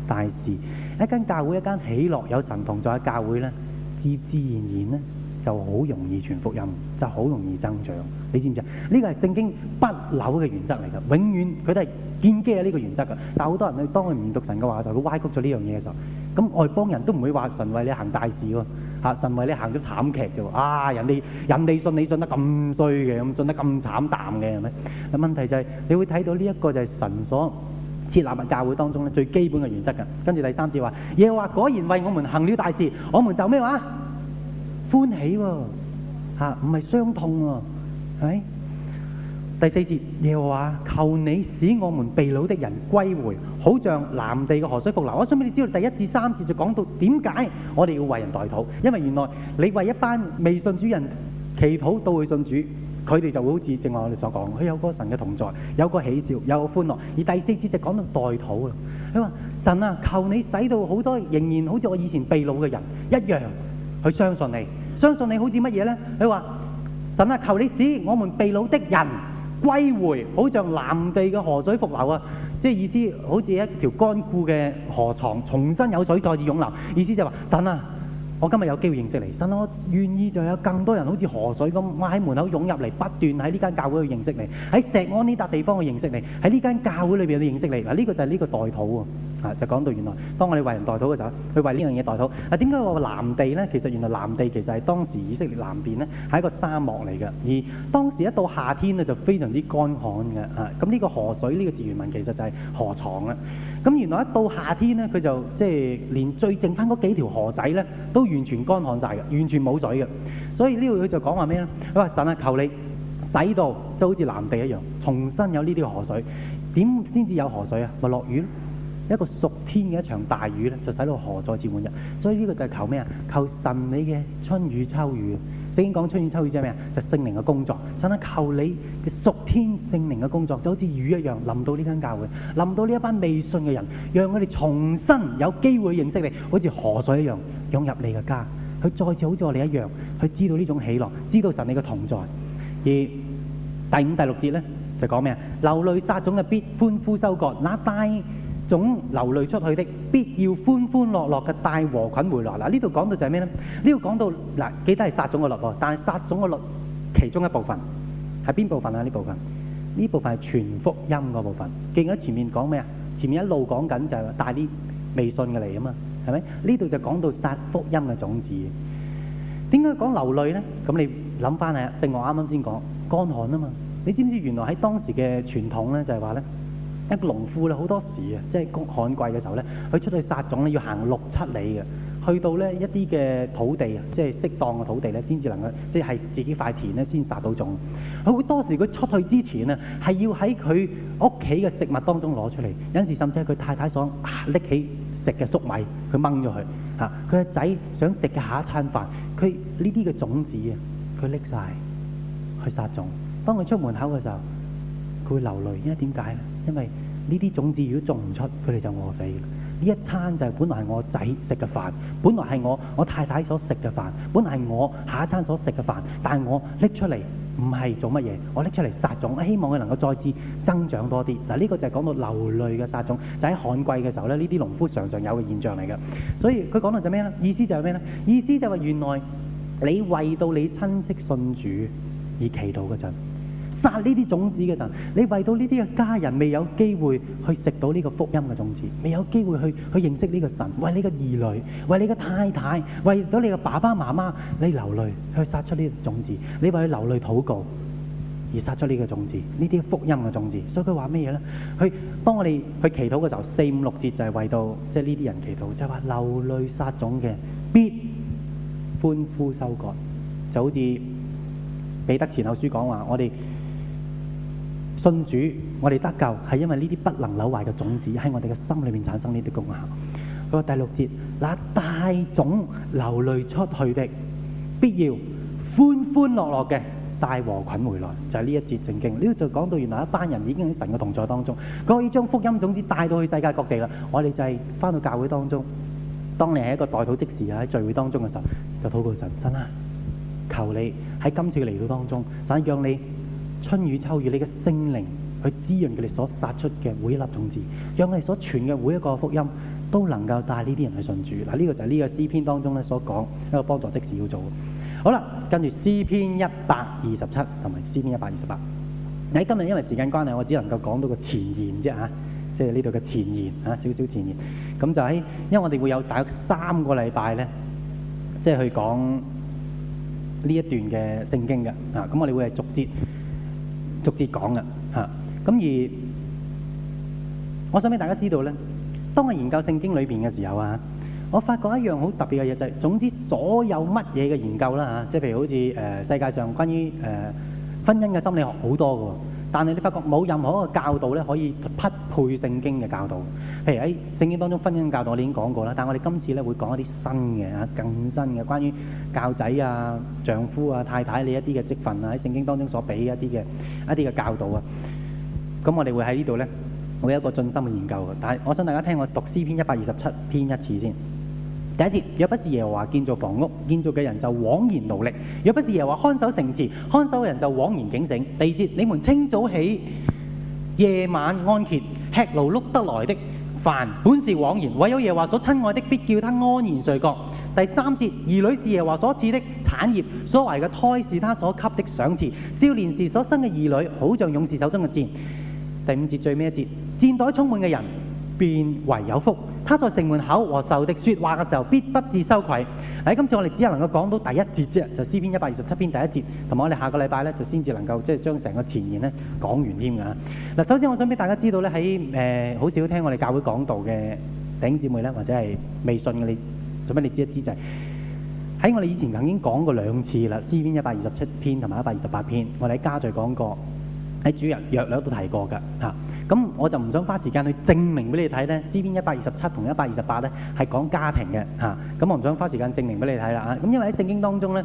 大事？一間教會、一間喜樂有神同在嘅教會呢，自自然然咧。就好容易傳福音，就好容易增長。你知唔知啊？呢個係聖經不朽嘅原則嚟噶，永遠佢都係建基喺呢個原則噶。但係好多人去當佢唔讀神嘅話，就佢歪曲咗呢樣嘢嘅時候。咁外邦人都唔會話神為你行大事喎，啊，神為你行咗慘劇啫喎。啊，人哋人哋信你信得咁衰嘅，咁信得咁慘淡嘅，係咪？咁問題就係，是，你會睇到呢一個就係神所設立嘅教會當中咧最基本嘅原則㗎。跟住第三節話，耶和華果然為我們行了大事，我們就咩話？歡喜喎，嚇唔係傷痛喎，係咪？第四節又話，求你使我們被擄的人歸回，好像南地嘅河水復流。我想俾你知道，第一至三節就講到點解我哋要為人代禱，因為原來你為一班未信主人祈禱到去信主，佢哋就會好似正話我哋所講，佢有個神嘅同在，有個喜笑，有個歡樂。而第四節就講到代禱啦，佢話，神啊，求你使到好多仍然好似我以前被擄嘅人一樣。佢相信你，相信你好似乜嘢呢？佢話神啊，求你使我們被擄的人歸回，好像南地嘅河水復流啊！即係意思好似一條乾枯嘅河床，重新有水再次湧流。意思就話：神啊！我今日有機會認識你新生，我願意就有更多人好似河水咁，我喺門口湧入嚟，不斷喺呢間教會去認識你，喺石安呢笪地方去認識你，喺呢間教會裏邊去認識你。嗱，呢個就係呢個代禱喎，啊，就講到原來當我哋為人代禱嘅時候，去為呢樣嘢代禱。嗱，點解我話南地呢？其實原來南地其實係當時以色列南邊呢，係一個沙漠嚟嘅，而當時一到夏天呢，就非常之乾旱嘅。啊，咁呢個河水呢、呢個字原文其實就係河床啦。咁原來一到夏天咧，佢就即係連最剩翻嗰幾條河仔咧，都完全乾旱晒嘅，完全冇水嘅。所以呢度，佢就講話咩咧？啊，神啊，求你使到就好似南地一樣，重新有呢啲河水。點先至有河水啊？咪落雨，一個屬天嘅一場大雨咧，就使到河再次滿入。所以呢個就係求咩啊？求神你嘅春雨秋雨。先講春雨秋雨即係咩啊？就聖靈嘅工作，就係求你嘅屬天聖靈嘅工作，就好似雨一樣淋到呢間教會，淋到呢一班未信嘅人，讓佢哋重新有機會認識你，好似河水一樣湧入你嘅家，佢再次好似我哋一樣，去知道呢種喜樂，知道神你嘅同在。而第五、第六節咧就講咩啊？流淚撒種嘅必歡呼收割，嗱大。種流淚出去的，必要歡歡樂樂嘅帶禾捆回來。嗱，呢度講到就係咩咧？呢度講到嗱，記得係殺種嘅律喎，但係殺種嘅律其中一部分係邊部分啊？呢部分，呢部分係傳福音嘅部分。記唔記得前面講咩啊？前面一路講緊就係話帶啲未信嘅嚟啊嘛，係咪？呢度就講到殺福音嘅種子。點解講流淚咧？咁你諗翻啊，正我啱啱先講乾旱啊嘛。你知唔知原來喺當時嘅傳統咧，就係話咧？一個農夫咧，好多時啊，即係旱季嘅時候咧，佢出去撒種咧，要行六七里嘅，去到咧一啲嘅土地啊，即係適當嘅土地咧，先至能夠即係自己塊田咧先撒到種。佢好多時佢出去之前啊，係要喺佢屋企嘅食物當中攞出嚟，有時甚至係佢太太想拎起食嘅粟米，佢掹咗佢嚇，佢個仔想食嘅下一餐飯，佢呢啲嘅種子啊，佢拎曬去撒種。當佢出門口嘅時候，佢會流淚，因為點解咧？因為呢啲種子如果種唔出，佢哋就餓死。呢一餐就係本來係我仔食嘅飯，本來係我我太太所食嘅飯，本來係我下一餐所食嘅飯，但係我拎出嚟唔係做乜嘢？我拎出嚟撒種，希望佢能夠再次增長多啲。嗱，呢個就係講到流淚嘅撒種，就喺旱季嘅時候咧，呢啲農夫常常有嘅現象嚟嘅。所以佢講到就咩呢？意思就係咩呢？意思就話原來你為到你親戚信主而祈禱嗰陣。殺呢啲種子嘅陣，你為到呢啲嘅家人未有機會去食到呢個福音嘅種子，未有機會去去認識呢個神，為你嘅兒女，為你嘅太太，為咗你嘅爸爸媽媽，你流淚去殺出呢啲種子，你為佢流淚禱告而殺出呢個種子，呢啲福音嘅種子。所以佢話咩嘢咧？佢當我哋去祈禱嘅時候，四五六節就係為到即係呢啲人祈禱，就係話流淚殺種嘅必歡呼收割，就好似彼得前後書講話，我哋。信主，我哋得救係因為呢啲不能朽壞嘅種子喺我哋嘅心裏面產生呢啲功效。佢話第六節，嗱，大種流淚出去的，必要歡歡樂樂嘅帶禾捆回來，就係呢一節正經。呢度就講到原來一班人已經喺神嘅同在當中，佢可以將福音種子帶到去世界各地啦。我哋就係翻到教會當中，當你係一個代禱職事啊，喺聚會當中嘅時候，就禱告神，真啦，求你喺今次嘅嚟到當中，神讓你。春雨秋雨，你嘅聖靈去滋潤佢哋所撒出嘅每一粒種子，讓佢哋所傳嘅每一個福音都能夠帶呢啲人去信主。嗱。呢個就係呢個詩篇當中咧所講一個幫助即使要做。好啦，跟住詩篇一百二十七同埋詩篇一百二十八，喺今日因為時間關係，我只能夠講到個前言啫吓，即係呢度嘅前言嚇少少前言。咁、啊、就喺因為我哋會有大約三個禮拜咧，即係去講呢一段嘅聖經嘅啊。咁我哋會係逐節。逐節講嘅嚇，咁、啊、而我想俾大家知道咧，當我研究聖經裏邊嘅時候啊，我發覺一樣好特別嘅嘢就係、是，總之所有乜嘢嘅研究啦嚇，即係譬如好似誒、呃、世界上關於誒、呃、婚姻嘅心理學好多嘅。但係你發覺冇任何一個教導咧可以匹配聖經嘅教導，譬如喺聖經當中婚姻教導我哋已經講過啦。但係我哋今次咧會講一啲新嘅啊，更新嘅關於教仔啊、丈夫啊、太太你一啲嘅職分啊，喺聖經當中所俾一啲嘅一啲嘅教導啊。咁我哋會喺呢度咧，會有一個進深嘅研究嘅。但係我想大家聽我讀詩篇一百二十七篇一次先。第一節，若不是耶和華建造房屋，建造嘅人就枉然勞力；若不是耶和華看守城池，看守嘅人就枉然警醒。第二節，你們清早起，夜晚安歇，吃勞碌得來的飯，本是枉然；唯有耶和華所親愛的，必叫他安然睡覺。第三節，兒女是耶和華所賜的產業，所懷嘅胎是他所給的賞賜。少年時所生嘅兒女，好像勇士手中嘅箭。第五節，最尾一節，箭袋充滿嘅人。變為有福。他在城門口和仇敵説話嘅時候，必不至羞愧。喺今次我哋只係能夠講到第一節啫，就詩篇一百二十七篇第一節。同埋我哋下個禮拜咧，就先至能夠即係將成個前言咧講完添㗎。嗱，首先我想俾大家知道咧，喺誒好少聽我哋教會講道嘅弟兄姊妹咧，或者係未信嘅你，做咩你知一知就係、是、喺我哋以前曾經講過兩次啦。詩篇一百二十七篇同埋一百二十八篇，我哋喺家聚講過，喺主日約略都提過㗎嚇。咁我就唔想花時間去證明俾你睇咧。詩篇一百二十七同一百二十八咧係講家庭嘅嚇，咁我唔想花時間證明俾你睇啦嚇。咁因為喺聖經當中咧，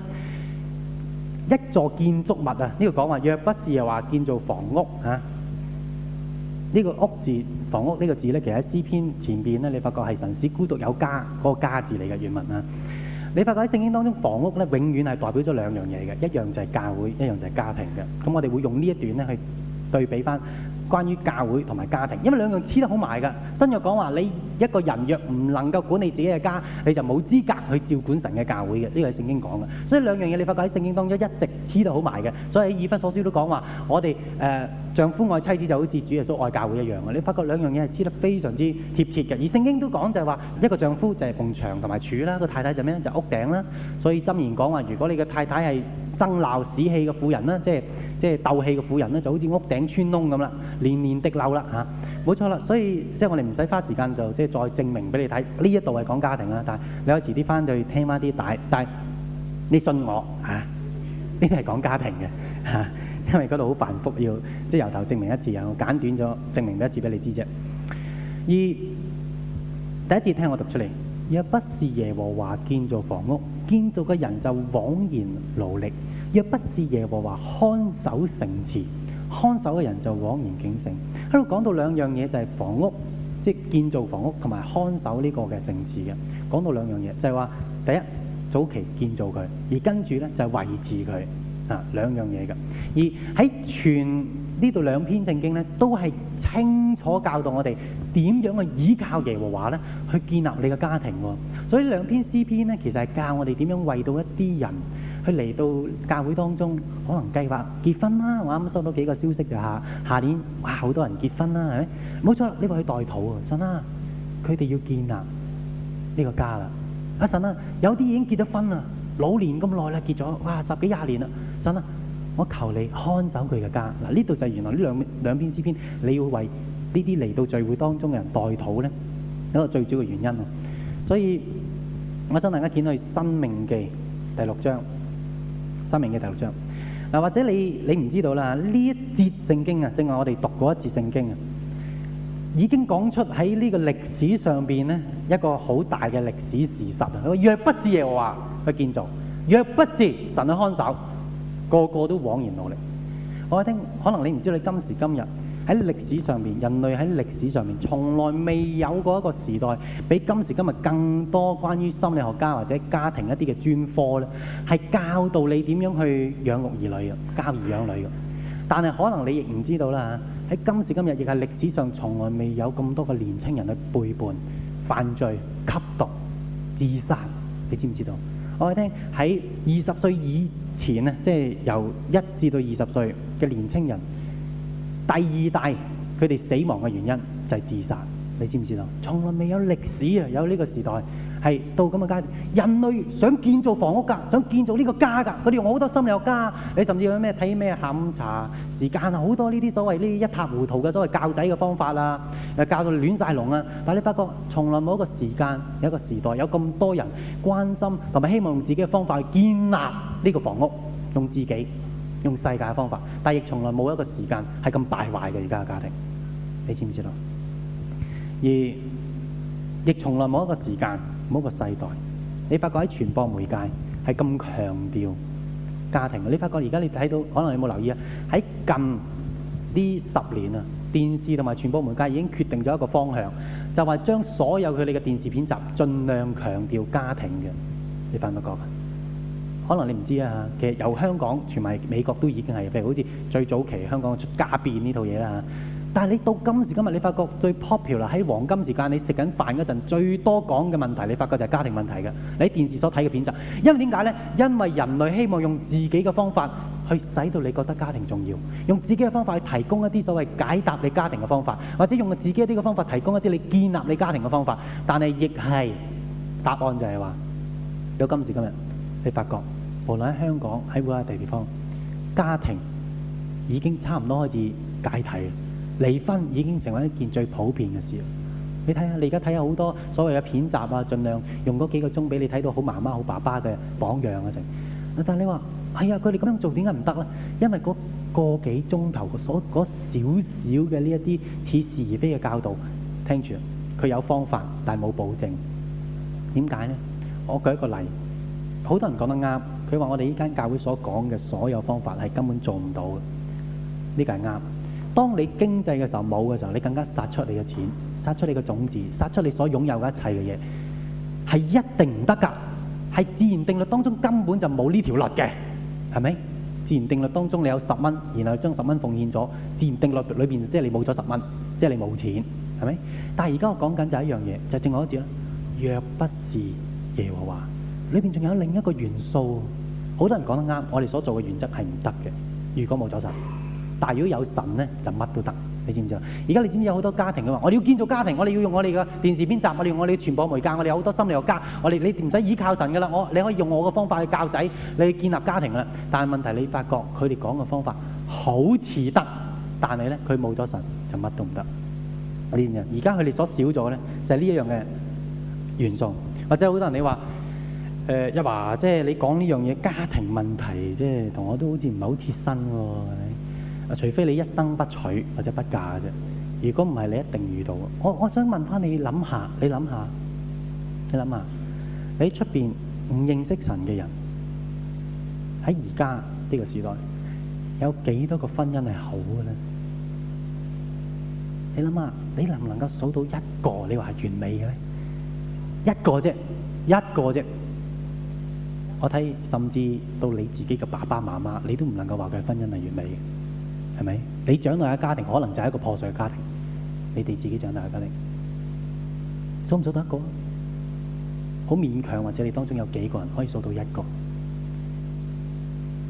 一座建築物啊，呢個講話，若不是又話建造房屋嚇。呢個屋字，房屋呢個字咧，其實喺詩篇前邊咧，你發覺係神使孤獨有家嗰個家字嚟嘅原文啊。你發覺喺聖經當中，房屋咧永遠係代表咗兩樣嘢嘅，一樣就係教會，一樣就係家庭嘅。咁我哋會用呢一段咧去對比翻。關於教會同埋家庭，因為兩樣黐得好埋㗎。新約講話，你一個人若唔能夠管你自己嘅家，你就冇資格去照管神嘅教會嘅。呢個係聖經講嘅，所以兩樣嘢你發覺喺聖經當中一直黐得好埋嘅。所以喺以弗所書都講話，我哋誒、呃、丈夫愛妻子就好似主耶穌愛教會一樣啊！你發覺兩樣嘢係黐得非常之貼切嘅。而聖經都講就係話，一個丈夫就係埲牆同埋柱啦，個太太就咩？就屋頂啦。所以箴言講話，如果你嘅太太係爭鬧使氣嘅婦人啦，即係即係鬥氣嘅婦人咧，就好似屋頂穿窿咁啦。年年的漏啦嚇，冇錯啦，所以即係我哋唔使花時間就即係再證明俾你睇，呢一度係講家庭啦，但係你可以遲啲翻去聽翻啲帶，但係你信我嚇，呢啲係講家庭嘅嚇、啊，因為嗰度好繁複，要即係由頭證明一次又簡短咗證明一次俾你知啫。二第一次聽我讀出嚟，若不是耶和華建造房屋，建造嘅人就枉然勞力；若不是耶和華看守城池，看守嘅人就枉然警醒。喺度講到兩樣嘢，就係房屋，即、就是、建造房屋同埋看守呢個嘅城池嘅。講到兩樣嘢，就係、是、話第一，早期建造佢，而跟住咧就係、是、維持佢啊兩樣嘢嘅。而喺全呢度兩篇正經咧，都係清楚教導我哋點樣去倚靠耶和華咧，去建立你嘅家庭喎。所以兩篇詩篇咧，其實係教我哋點樣為到一啲人。佢嚟到教會當中，可能計劃結婚啦、啊。我啱啱收到幾個消息就下，下年哇好多人結婚啦、啊，係咪？冇錯，呢個係代禱啊！神啊，佢哋要建啊呢個家啦。阿、啊、神啊，有啲已經結咗婚啦，老年咁耐啦，結咗哇十幾廿年啦。神啊，我求你看守佢嘅家。嗱，呢度就係原來呢兩兩篇詩篇，你要為呢啲嚟到聚會當中嘅人代禱咧，一個最主要嘅原因。啊。所以我想大家見到佢《申命記》第六章。三明嘅頭像。嗱，或者你你唔知道啦，呢一節聖經啊，正話我哋讀過一節聖經啊，已經講出喺呢個歷史上邊咧一個好大嘅歷史事實啊！若不是耶和華去建造，若不是神去看守，個個都枉然努力。我一聽，可能你唔知道你今時今日。喺歷史上面，人類喺歷史上面從來未有過一個時代，比今時今日更多關於心理學家或者家庭一啲嘅專科咧，係教導你點樣去養育兒女嘅，教兒養女嘅。但係可能你亦唔知道啦嚇，喺今時今日亦係歷史上從來未有咁多嘅年輕人去背叛、犯罪、吸毒、自殺。你知唔知道？我哋聽喺二十歲以前呢，即係由一至到二十歲嘅年輕人。第二大佢哋死亡嘅原因就係自殺，你知唔知啊？從來未有歷史啊，有呢個時代係到咁嘅階段，人類想建造房屋㗎，想建造呢個家㗎，佢哋用好多心理學家，你甚至有咩睇咩下午茶時間啊，好多呢啲所謂呢一塌糊塗嘅所謂教仔嘅方法啦，誒教到亂晒龍啊，但係你發覺從來冇一個時間，有一個時代有咁多人關心同埋希望用自己嘅方法去建立呢個房屋用自己。用世界嘅方法，但係亦從來冇一個時間係咁敗壞嘅而家嘅家庭，你知唔知道？而亦從來冇一個時間冇一個世代，你發覺喺傳播媒介係咁強調家庭，你發覺而家你睇到，可能你有冇留意啊，喺近呢十年啊，電視同埋傳播媒介已經決定咗一個方向，就話、是、將所有佢哋嘅電視片集盡量強調家庭嘅，你發唔發覺？可能你唔知啊，其實由香港傳埋美國都已經係，譬如好似最早期香港出家變呢套嘢啦。但係你到今時今日，你發覺最 popular 喺黃金時間，你食緊飯嗰陣最多講嘅問題，你發覺就係家庭問題嘅。你喺電視所睇嘅片集，因為點解呢？因為人類希望用自己嘅方法去使到你覺得家庭重要，用自己嘅方法去提供一啲所謂解答你家庭嘅方法，或者用自己一啲嘅方法提供一啲你建立你家庭嘅方法。但係亦係答案就係話，有今時今日。你發覺無論喺香港喺外地地方，家庭已經差唔多開始解體，離婚已經成為一件最普遍嘅事。你睇下，你而家睇下好多所謂嘅片集啊，儘量用嗰幾個鐘俾你睇到好媽媽、好爸爸嘅榜樣啊，成。但係你話係、哎、呀，佢哋咁樣做點解唔得咧？因為嗰個幾鐘頭所嗰少少嘅呢一啲似是而非嘅教導，聽住佢有方法，但係冇保證。點解咧？我舉一個例。好多人講得啱，佢話我哋呢間教會所講嘅所有方法係根本做唔到嘅，呢個係啱。當你經濟嘅時候冇嘅時候，你更加殺出你嘅錢，殺出你嘅種子，殺出你所擁有嘅一切嘅嘢，係一定唔得㗎。係自然定律當中根本就冇呢條律嘅，係咪？自然定律當中你有十蚊，然後將十蚊奉獻咗，自然定律裏邊即係你冇咗十蚊，即係你冇錢，係咪？但係而家我講緊就係一樣嘢，就正好一節啦，若不是耶和華。裏邊仲有另一個元素，好多人講得啱。我哋所做嘅原則係唔得嘅。如果冇咗神，但係如果有神咧，就乜都得。你知唔知啊？而家你知唔知有好多家庭嘅嘛？我哋要建造家庭，我哋要用我哋嘅電視編集，我哋用我哋嘅傳播媒介，我哋有好多心理學家，我哋你唔使依靠神嘅啦。我你可以用我嘅方法去教仔，你去建立家庭啦。但係問題你發覺佢哋講嘅方法好似得，但係咧佢冇咗神就乜都唔得。啲人而家佢哋所少咗咧就係呢一樣嘅元素，或者好多人你話。誒一話，即係你講呢樣嘢家庭問題，即係同我都好似唔係好切身喎。啊，除非你一生不娶或者不嫁啫。如果唔係，你一定遇到。我我想問翻你，諗下，你諗下，你諗下，喺出邊唔認識神嘅人喺而家呢個時代有幾多個婚姻係好嘅咧？你諗下，你能唔能夠數到一個？你話係完美嘅咧，一個啫，一個啫。我睇，甚至到你自己嘅爸爸媽媽，你都唔能夠話佢婚姻係完美嘅，係咪？你長大嘅家庭可能就係一個破碎嘅家庭，你哋自己長大嘅家庭，數唔數得一個？好勉強，或者你當中有幾個人可以數到一個？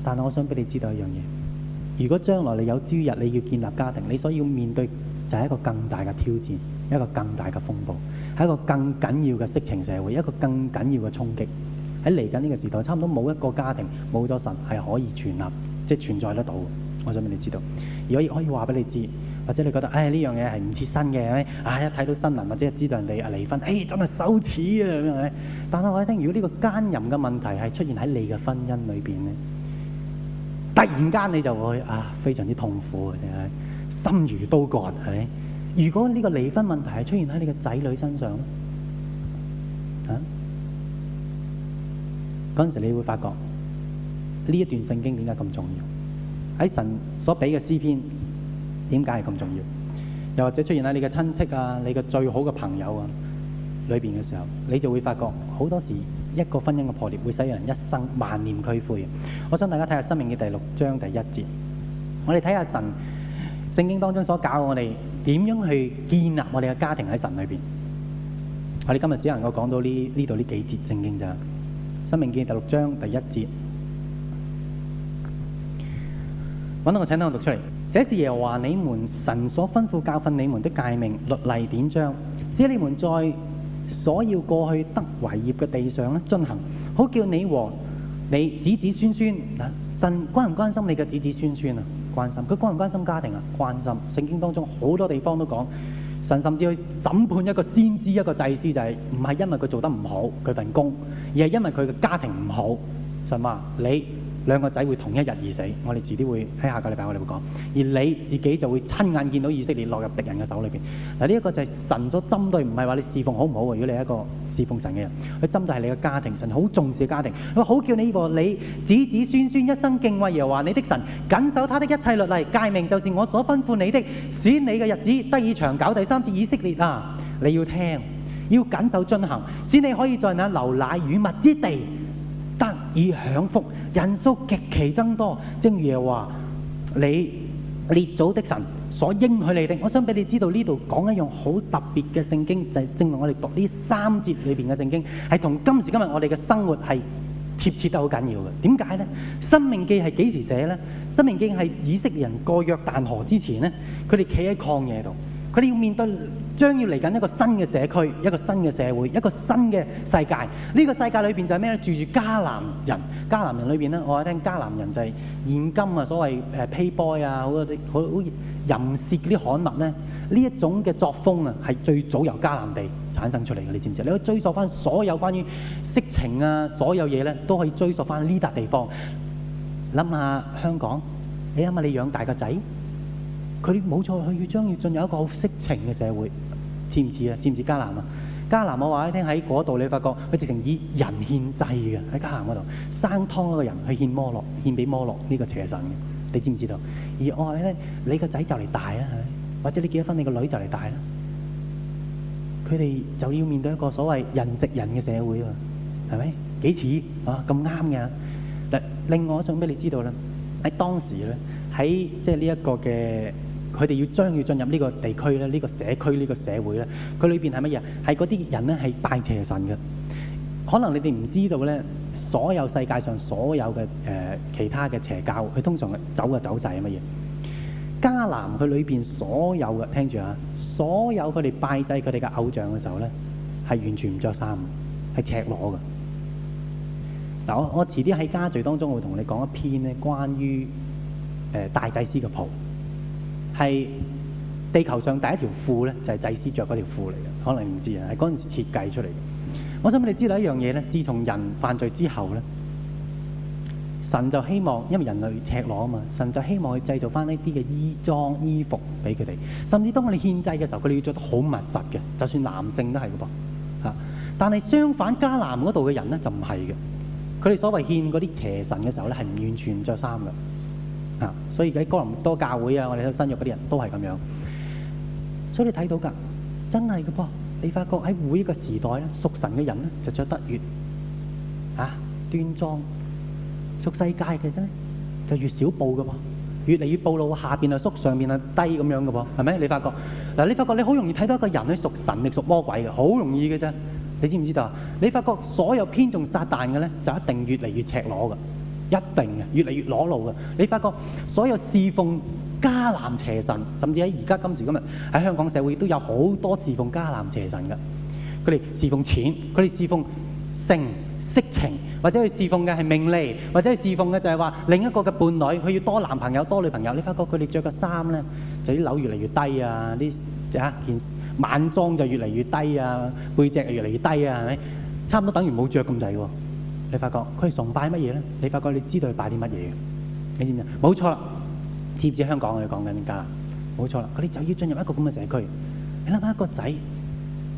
但我想俾你知道一樣嘢，如果將來你有朝日你要建立家庭，你所要面對就係一個更大嘅挑戰，一個更大嘅風暴，係一個更緊要嘅色情社會，一個更緊要嘅衝擊。喺嚟緊呢個時代，差唔多冇一個家庭冇咗神係可以存立，即係存在得到的。我想俾你知道。如果可以話俾你知，或者你覺得唉，呢樣嘢係唔切身嘅，係咪？哎啊、一睇到新聞或者知道人哋啊離婚，唉、哎、真係羞恥啊。但係我一聽，如果呢個奸淫嘅問題係出現喺你嘅婚姻裏邊咧，突然間你就會啊非常之痛苦嘅，心如刀割，係咪？如果呢個離婚問題係出現喺你嘅仔女身上？嗰陣時，你會發覺呢一段聖經點解咁重要？喺神所俾嘅詩篇點解係咁重要？又或者出現喺你嘅親戚啊、你嘅最好嘅朋友啊裏邊嘅時候，你就會發覺好多時一個婚姻嘅破裂會使人一生萬念俱灰。我想大家睇下《申命記》第六章第一節，我哋睇下神聖經當中所教我哋點樣去建立我哋嘅家庭喺神裏邊。我哋今日只能夠講到呢呢度呢幾節正經咋。申命記第六章第一節，揾到我請到我讀出嚟。這次耶和華你們神所吩咐教訓你們的誡命律例典章，使你們在所要過去得為業嘅地上咧進行，好叫你和你子子孫孫啊，神關唔關心你嘅子子孫孫啊？關心佢關唔關心家庭啊？關心。聖經當中好多地方都講。神甚至去審判一個先知、一個祭司，就係唔係因為佢做得唔好，佢份工，而係因為佢嘅家庭唔好。神話你。兩個仔會同一日而死，我哋遲啲會喺下個禮拜我哋會講，而你自己就會親眼見到以色列落入敵人嘅手裏邊。嗱，呢一個就係神所針對，唔係話你侍奉好唔好。如果你係一個侍奉神嘅人，佢針對係你嘅家庭，神好重視家庭。佢好叫你呢個，你子子孫孫一生敬畏耶和華你的神，謹守他的一切律例，誡命就是我所吩咐你的，使你嘅日子得以長久。第三次以色列啊，你要聽，要謹守進行，使你可以在那流奶與蜜之地，得以享福，人數極其增多。正如嘢話，你列祖的神所應許你的，我想俾你知道呢度講一樣好特別嘅聖經，就係證明我哋讀呢三節裏邊嘅聖經，係同今時今日我哋嘅生活係貼切得好緊要嘅。點解呢？《生命記》係幾時寫的呢？《生命記》係以色列人過約但河之前呢，佢哋企喺曠野度。佢哋要面對將要嚟緊一個新嘅社區，一個新嘅社會，一個新嘅世界。呢個世界裏邊就係咩咧？住住迦南人，迦南人裏邊咧，我一聽迦南人就係現今啊所謂誒 PayBoy 啊好多啲好好淫褻嗰啲刊物咧，呢一種嘅作風啊係最早由迦南地產生出嚟嘅，你知唔知？你可以追溯翻所有關於色情啊所有嘢咧，都可以追溯翻呢笪地方。諗下香港，你諗下你養大個仔。佢哋冇錯，佢越張越進入一個好色情嘅社會，似唔似啊？似唔似迦南啊？迦南我話你聽喺嗰度，你發覺佢直情以人獻祭嘅喺迦南嗰度，生劏一個人去獻摩洛，獻俾摩洛呢個邪神嘅，你知唔知道？而我話咧，你個仔就嚟大啊，係咪？或者你結咗婚你，你個女就嚟大啦。佢哋就要面對一個所謂人食人嘅社會啊，係咪幾似啊咁啱嘅？嗱，另外我想俾你知道啦，喺當時咧，喺即係呢一個嘅。佢哋要將要進入呢個地區咧，呢、這個社區呢、這個社會咧，佢裏邊係乜嘢？係嗰啲人咧係拜邪神嘅。可能你哋唔知道咧，所有世界上所有嘅誒、呃、其他嘅邪教，佢通常走就走曬乜嘢？迦南佢裏邊所有嘅，聽住啊，所有佢哋拜祭佢哋嘅偶像嘅時候咧，係完全唔着衫嘅，係赤裸嘅。嗱，我我遲啲喺家聚當中會同你講一篇咧，關於誒大祭司嘅袍。係地球上第一條褲咧，就係祭司着嗰條褲嚟嘅，可能唔知啊。係嗰陣時設計出嚟嘅。我想俾你知道一樣嘢咧，自從人犯罪之後咧，神就希望，因為人類赤裸啊嘛，神就希望去製造翻呢啲嘅衣裝、衣服俾佢哋。甚至當我哋獻祭嘅時候，佢哋要着得好密實嘅，就算男性都係噉噃嚇。但係相反迦南嗰度嘅人咧就唔係嘅，佢哋所謂獻嗰啲邪神嘅時候咧係唔完全着衫㗎。啊！所以喺哥林多教會啊，我哋新約嗰啲人都係咁樣，所以你睇到噶，真係嘅噃。你發覺喺每一個時代咧，屬神嘅人咧就着得越嚇、啊、端莊，屬世界嘅咧就越少布嘅噃，越嚟越暴露下邊啊，縮上面啊，低咁樣嘅噃，係咪？你發覺嗱，你發覺你好容易睇到一個人係屬神定屬魔鬼嘅，好容易嘅啫。你知唔知道？你發覺所有偏重撒旦嘅咧，就一定越嚟越赤裸嘅。一定嘅，越嚟越裸露嘅。你發覺所有侍奉迦南邪神，甚至喺而家今時今日喺香港社會都有好多侍奉迦南邪神嘅。佢哋侍奉錢，佢哋侍奉性、色情，或者佢侍奉嘅係名利，或者佢侍奉嘅就係話另一個嘅伴侶，佢要多男朋友、多女朋友。你發覺佢哋着嘅衫咧，就啲紐越嚟越低啊，啲啊件晚裝就越嚟越低啊，背脊就越嚟越低啊，係咪？差唔多等於冇着咁滯喎。你發覺佢係崇拜乜嘢咧？你發覺你知道佢拜啲乜嘢嘅？你知唔知？冇錯啦，似唔似香港佢講緊而家，冇錯啦。佢哋就要進入一個咁嘅社區。你諗下個仔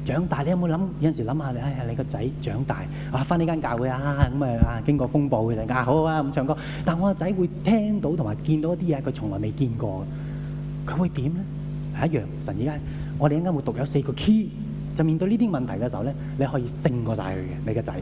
長大，你有冇諗有陣時諗下？哎呀你個仔長大啊，返呢間教會啊，咁啊啊，經過風暴嘅，啊好啊，咁唱歌。但我個仔會聽到同埋見到啲嘢，佢從來未見過。佢會點咧？係一樣，神而家，我哋應該會讀有四個 key，就面對呢啲問題嘅時候咧，你可以勝過晒佢嘅你個仔。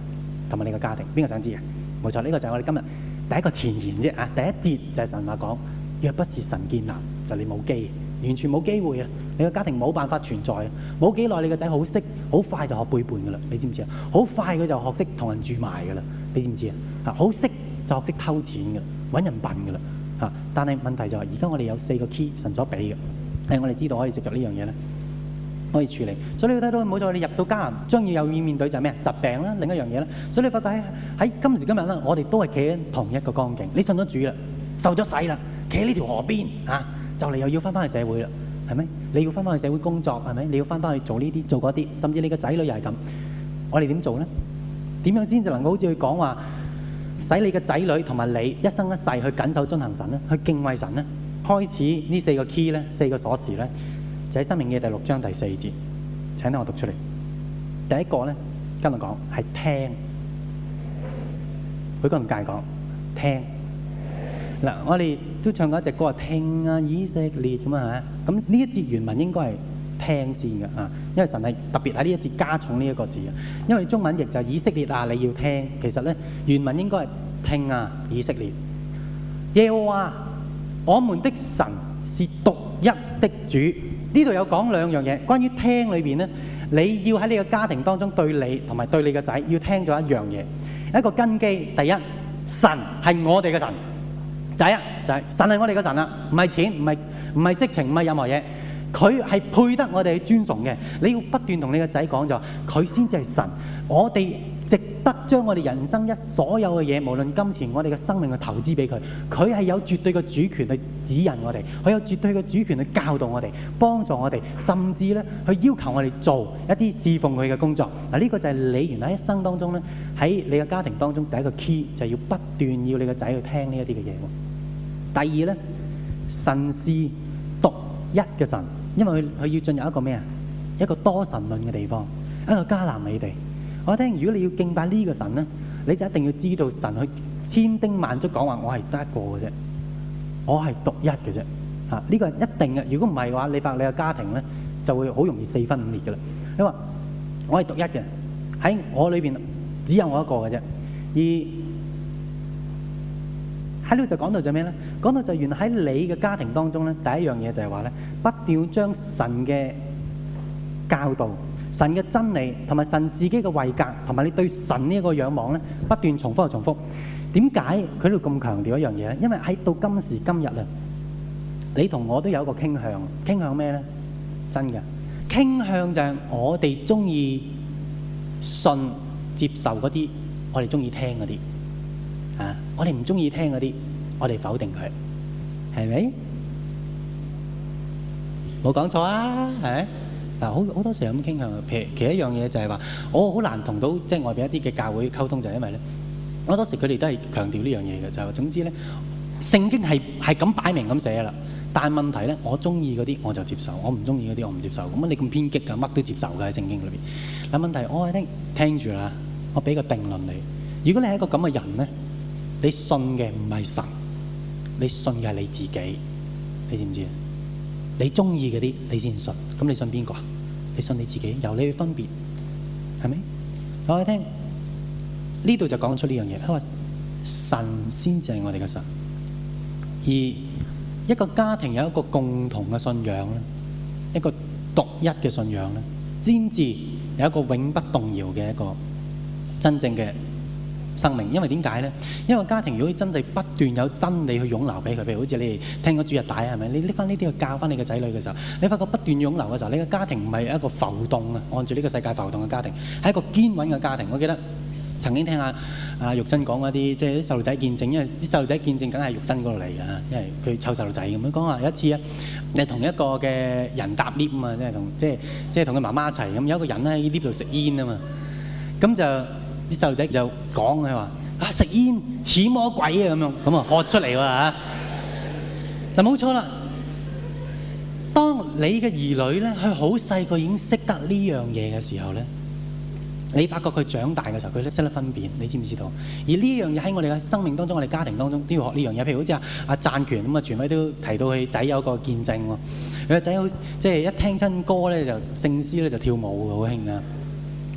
問你個家庭？邊個想知啊？冇錯，呢、這個就係我哋今日第一個前言啫啊！第一節就係神話講，若不是神建立，就是、你冇機，完全冇機會啊！你個家庭冇辦法存在啊！冇幾耐，你個仔好識，好快就學背叛噶啦！你知唔知啊？好快佢就學識同人住埋噶啦！你知唔知啊？吓，好識就學識偷錢噶，搵人笨噶啦！吓，但係問題就係、是，而家我哋有四個 key 神所俾嘅，係我哋知道可以藉着呢樣嘢咧，可以處理，所以你睇到冇錯，你再入到家門，將要又要面對就係咩疾病啦、啊，另一樣嘢啦。所以你發覺喺今時今日啦，我哋都係企喺同一個光景。你信咗主啦，受咗洗啦，企喺呢條河邊啊，就嚟又要翻返去社會啦，係咪？你要翻返去社會工作，係咪？你要翻返去做呢啲做嗰啲，甚至你嘅仔女又係咁。我哋點做咧？點樣先至能夠好似佢講話，使你嘅仔女同埋你一生一世去緊守遵行神咧，去敬畏神咧，開始呢四個 key 咧，四個鎖匙咧。喺《申命記》第六章第四節，請聽我讀出嚟。第一個咧，跟我講係聽。許國文教講聽嗱，我哋都唱過一隻歌係，聽啊，以色列咁啊嚇。咁呢一節原文應該係聽先嘅啊，因為神係特別喺呢一節加重呢一個字嘅。因為中文譯就係以色列啊，你要聽。其實咧，原文應該係聽啊，以色列。耶和華，我們的神是獨一的主。呢度有講兩樣嘢，關於聽裏邊咧，你要喺你個家庭當中對你同埋對你嘅仔要聽咗一樣嘢，一個根基。第一，神係我哋嘅神。第一就係、是、神係我哋嘅神啦，唔係錢，唔係唔係色情，唔係任何嘢，佢係配得我哋去尊崇嘅。你要不斷同你嘅仔講咗，佢先至係神，我哋。值得將我哋人生一所有嘅嘢，無論金錢，我哋嘅生命去投資俾佢。佢係有絕對嘅主權去指引我哋，佢有絕對嘅主權去教導我哋，幫助我哋，甚至咧去要求我哋做一啲侍奉佢嘅工作。嗱、這、呢個就係你原來一生當中咧，喺你嘅家庭當中第一個 key 就係要不斷要你個仔去聽呢一啲嘅嘢。第二咧，神係獨一嘅神，因為佢佢要進入一個咩啊？一個多神論嘅地方，一個迦南你哋。我聽，如果你要敬拜呢個神咧，你就一定要知道神佢千叮萬囑講話，我係得一個嘅啫，我係獨一嘅啫。嚇，呢個係一定嘅。如果唔係嘅話，你發你個家庭咧就會好容易四分五裂嘅啦。因為我係獨一嘅，喺我裏邊只有我一個嘅啫。而喺呢度就講到就咩咧？講到就原喺你嘅家庭當中咧，第一樣嘢就係話咧，不斷將神嘅教導。神嘅真理同埋神自己嘅位格，同埋你對神呢一個仰望咧，不斷重複又重複。點解佢喺度咁強調一樣嘢咧？因為喺到今時今日啊，你同我都有一個傾向，傾向咩呢？真嘅傾向就係我哋中意信接受嗰啲，我哋中意聽嗰啲啊，我哋唔中意聽嗰啲，我哋否定佢，係咪？冇講錯啊，係。嗱，好好多時咁傾向，其其實一樣嘢就係話，我好難同到即係外邊一啲嘅教會溝通，就係因為咧，好多時佢哋都係強調呢樣嘢嘅，就係話總之咧，聖經係係咁擺明咁寫啦。但係問題咧，我中意嗰啲我就接受，我唔中意嗰啲我唔接受。咁你咁偏激㗎？乜都接受㗎喺聖經裏邊。嗱，問題，我聽聽住啦，我俾個定論你。如果你係一個咁嘅人咧，你信嘅唔係神，你信嘅係你自己，你知唔知啊？你中意嗰啲，你先信。咁你信邊個啊？你信你自己，由你去分別，係咪？我哋聽呢度就講出呢樣嘢。佢話神先至係我哋嘅神，而一個家庭有一個共同嘅信仰咧，一個獨一嘅信仰咧，先至有一個永不動搖嘅一個真正嘅。生命，因為點解咧？因為家庭如果真係不斷有真理去湧流俾佢，譬如好似你哋聽嗰主日帶係咪？你拎翻呢啲去教翻你嘅仔女嘅時候，你發覺不斷湧流嘅時候，你嘅家庭唔係一個浮動啊，按住呢個世界浮動嘅家庭，係一個堅穩嘅家庭。我記得曾經聽阿阿玉珍講一啲，即係啲細路仔見證，因為啲細路仔見證梗係玉珍嗰度嚟㗎，因為佢湊細路仔咁樣講話。有一次啊，你同一個嘅人搭 lift 啊嘛，即係同即係即係同佢媽媽一齊咁，有個人咧喺 lift 度食煙啊嘛，咁就。啲細路仔就講佢話：啊食煙似魔鬼啊咁樣，咁啊學出嚟喎嚇！嗱冇錯啦，當你嘅兒女咧，佢好細個已經識得呢樣嘢嘅時候咧，你發覺佢長大嘅時候，佢都識得分辨，你知唔知道？而呢樣嘢喺我哋嘅生命當中，我哋家庭當中都要學呢樣嘢。譬如好似阿阿贊權咁啊，全威都提到佢仔有個見證喎。佢個仔好即係一聽親歌咧，就聖詩咧就跳舞㗎，好興啊！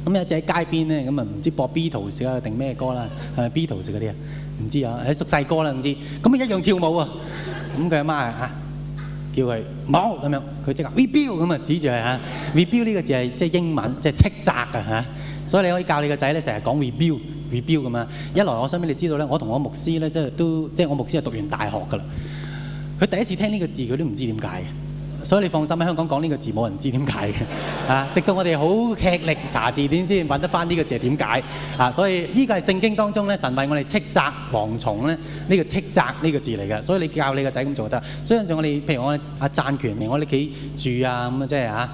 咁有就喺街邊咧，咁啊唔知播 Beatles 啊定咩歌啦？Beatles 嗰啲啊，唔知啊喺熟細歌啦，唔知。咁啊一樣跳舞，嗯、媽媽啊，咁佢阿媽啊叫佢舞咁樣，佢即刻 rebel 咁啊指住佢嚇。rebel 呢個字係即係英文，即係斥責啊嚇。所以你可以教你個仔咧，成日講 rebel，rebel 咁啊。一來我想俾你知道咧，我同我牧師咧即係都即係我牧師係讀完大學噶啦。佢第一次聽呢個字，佢都唔知點解嘅。所以你放心，喺香港講呢個字冇人知點解嘅，直到我哋好劇力查字典先揾得返呢個字點解，啊！所以依個係聖經當中神為我哋斥責蝗蟲咧，呢個斥責呢個字嚟嘅。所以你教你個仔咁做都得。所以有陣時我哋譬如我阿贊權，我哋企住啊咁即係啊。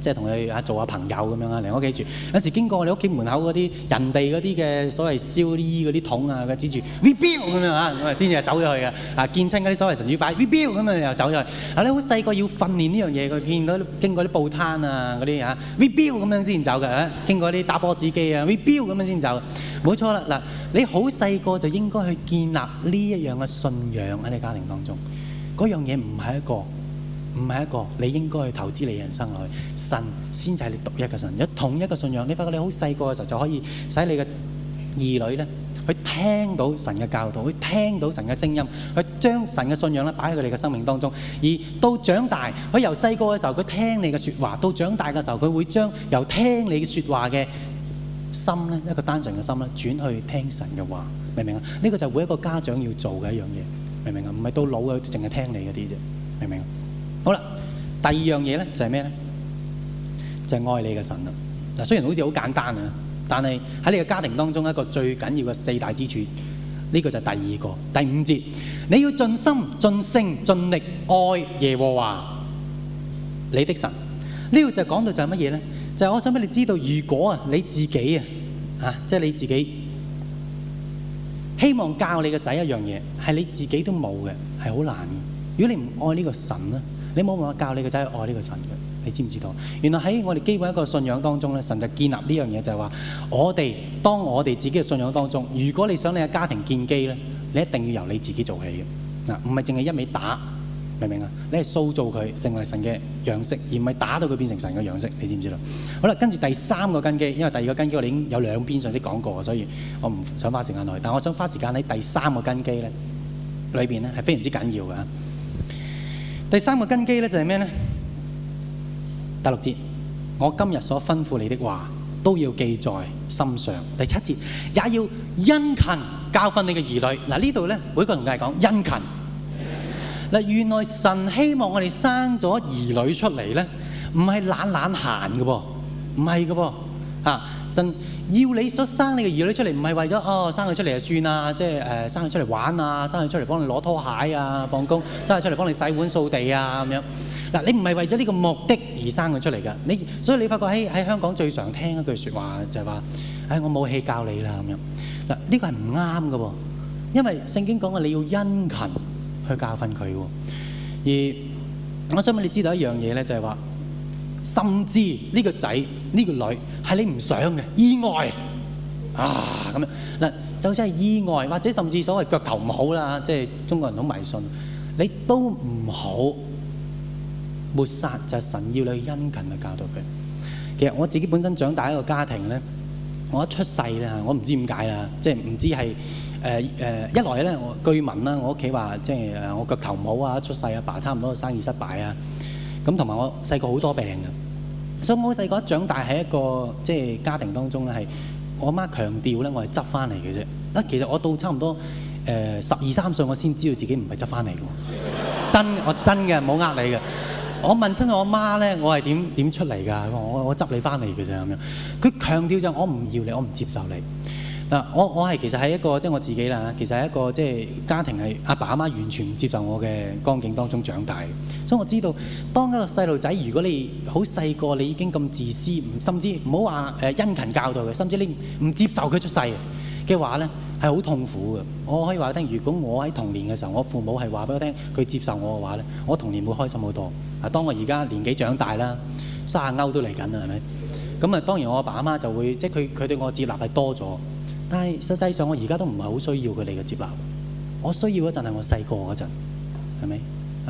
即係同佢啊做下朋友咁樣啊，嚟我屋企住。有時經過你屋企門口嗰啲人哋嗰啲嘅所謂燒衣嗰啲桶啊，佢指住 rebuild 咁樣嚇，咁啊先至走咗去嘅。啊，見親嗰啲所謂神主牌 rebuild 咁啊，又走咗去。啊，你好細個要訓練呢樣嘢，佢見到經過啲報攤啊嗰啲嚇 rebuild 咁樣先走嘅。經過啲打波子機啊 rebuild 咁樣先走。冇錯啦，嗱，你好細個就應該去建立呢一樣嘅信仰喺你家庭當中。嗰樣嘢唔係一個。唔係一個，你應該去投資你人生內神先至係你獨一嘅神有同一個信仰。你發覺你好細個嘅時候就可以使你嘅兒女咧，去聽到神嘅教導，去聽到神嘅聲音，去將神嘅信仰咧擺喺佢哋嘅生命當中。而到長大，佢由細個嘅時候佢聽你嘅説話，到長大嘅時候佢會將由聽你嘅説話嘅心咧一個單純嘅心咧轉去聽神嘅話，明唔明啊？呢個就係每一個家長要做嘅一樣嘢，明唔明啊？唔係到老啊，佢淨係聽你嗰啲啫，明唔明啊？好啦，第二樣嘢咧就係咩咧？就係愛你嘅神啦。嗱，雖然好似好簡單啊，但係喺你嘅家庭當中一個最緊要嘅四大支柱，呢個就係第二個第五節，你要盡心、盡性、盡力愛耶和華你的神。呢個就係講到就係乜嘢咧？就係我想俾你知道，如果啊你自己啊啊，即係你自己希望教你嘅仔一樣嘢，係你自己都冇嘅，係好難嘅。如果你唔愛呢個神你冇辦法教你個仔去愛呢個神嘅，你知唔知道？原來喺我哋基本的一個信仰當中咧，神就建立呢樣嘢就係話，我哋當我哋自己嘅信仰當中，如果你想你嘅家庭建基咧，你一定要由你自己做起嘅，嗱，唔係淨係一味打，明唔明啊？你係塑造佢成為神嘅樣式，而唔係打到佢變成神嘅樣式，你知唔知道？好啦，跟住第三個根基，因為第二個根基我哋已經有兩篇上啲講過，所以我唔想花時間落去，但係我想花時間喺第三個根基咧裏邊咧係非常之緊要嘅。第三個根基咧就係咩咧？第六節，我今日所吩咐你的話都要記在心上。第七節，也要殷勤教訓你嘅兒女。嗱呢度咧，每個人都係講殷勤。嗱，原來神希望我哋生咗兒女出嚟咧，唔係懶懶閒嘅噃，唔係嘅噃啊要你所生你嘅兒女出嚟，唔係為咗哦，生佢出嚟就算啦，即係誒，生佢出嚟玩啊，生佢出嚟幫你攞拖鞋啊，放工，生佢出嚟幫你洗碗掃地啊咁樣。嗱，你唔係為咗呢個目的而生佢出嚟㗎。你所以你發覺喺喺香港最常聽一句説話就係話，誒我冇氣教你啦咁樣。嗱，呢個係唔啱嘅喎，因為聖經講嘅你要殷勤去教訓佢喎。而我想問你知道一樣嘢咧，就係話。甚至呢個仔呢個女係你唔想嘅意外啊咁樣。嗱，就算係意外，或者甚至所謂腳頭唔好啦，即係中國人好迷信，你都唔好抹殺，就係神要你去恩勤去教導佢。其實我自己本身長大一個家庭咧，我一出世咧，我唔知點解啦，即係唔知係誒誒一來咧，我據聞啦，我屋企話即係誒我腳頭唔好啊，一出世阿爸差唔多生意失敗啊。咁同埋我細個好多病㗎，所以我細個長大喺一個即係家庭當中咧，係我媽強調咧，我係執翻嚟嘅啫。啊，其實我到差唔多誒十二三歲，我先知道自己唔係執翻嚟嘅。真，我真嘅冇呃你嘅。我問親我媽咧，我係點點出嚟㗎？我我執你翻嚟嘅啫咁樣。佢強調就我唔要你，我唔接受你。我我係其實係一個即係我自己啦。其實係一個即係家庭係阿爸阿媽完全唔接受我嘅光景當中長大，所以我知道當一個細路仔，如果你好細個，你已經咁自私，甚至唔好話誒殷勤教導佢，甚至你唔接受佢出世嘅話咧，係好痛苦嘅。我可以話你聽，如果我喺童年嘅時候，我父母係話俾我聽，佢接受我嘅話咧，我童年會開心好多。啊，當我而家年紀長大啦，卅勾都嚟緊啦，係咪咁啊？當然我阿爸阿媽就會即係佢佢對我接納係多咗。但係實際上，我而家都唔係好需要佢哋嘅接納。我需要嗰陣係我細個嗰陣，係咪？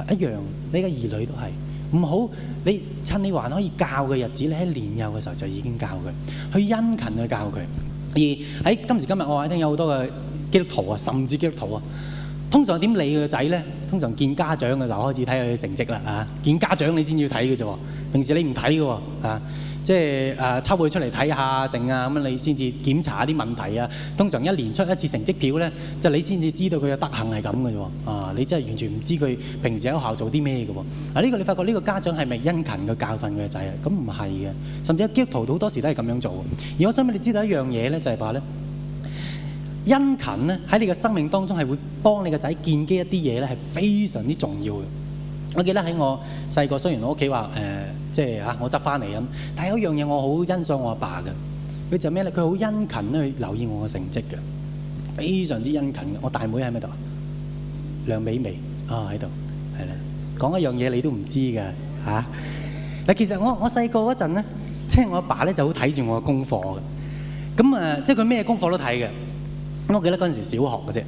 一樣，你嘅兒女都係唔好。你趁你還可以教嘅日子，你喺年幼嘅時候就已經教佢，去殷勤去教佢。而喺、哎、今時今日我，我話聽有好多嘅基督徒啊，甚至基督徒啊，通常點理佢個仔咧？通常見家長嘅就開始睇佢嘅成績啦，嚇、啊！見家長你先要睇嘅啫，平時你唔睇嘅喎，啊。即係誒抽佢出嚟睇下剩啊，咁樣你先至檢查一下啲問題啊。通常一年出一次成績表咧，即係你先至知道佢嘅德行係咁嘅啫喎。啊，你真係完全唔知佢平時喺學校做啲咩嘅喎。啊，呢個你發覺呢個家長係咪殷勤嘅教訓佢嘅仔啊？咁唔係嘅，甚至基督徒好多時候都係咁樣做。而我想畀你知道一樣嘢咧，就係話咧，殷勤咧喺你嘅生命當中係會幫你嘅仔建基一啲嘢咧，係非常之重要嘅。我記得喺我細個，雖然我屋企話誒，即係嚇我執翻嚟咁，但係有一樣嘢我好欣賞我阿爸嘅，佢就咩咧？佢好殷勤咧去留意我嘅成績嘅，非常之殷勤嘅。我大妹喺邊度啊？梁美眉啊喺度，係啦。講一樣嘢你都唔知嘅嚇。嗱，其實我我細個嗰陣咧，即係我阿爸咧就好睇住我嘅功課嘅，咁啊，即係佢咩功課都睇嘅。我記得嗰陣時小學嘅啫。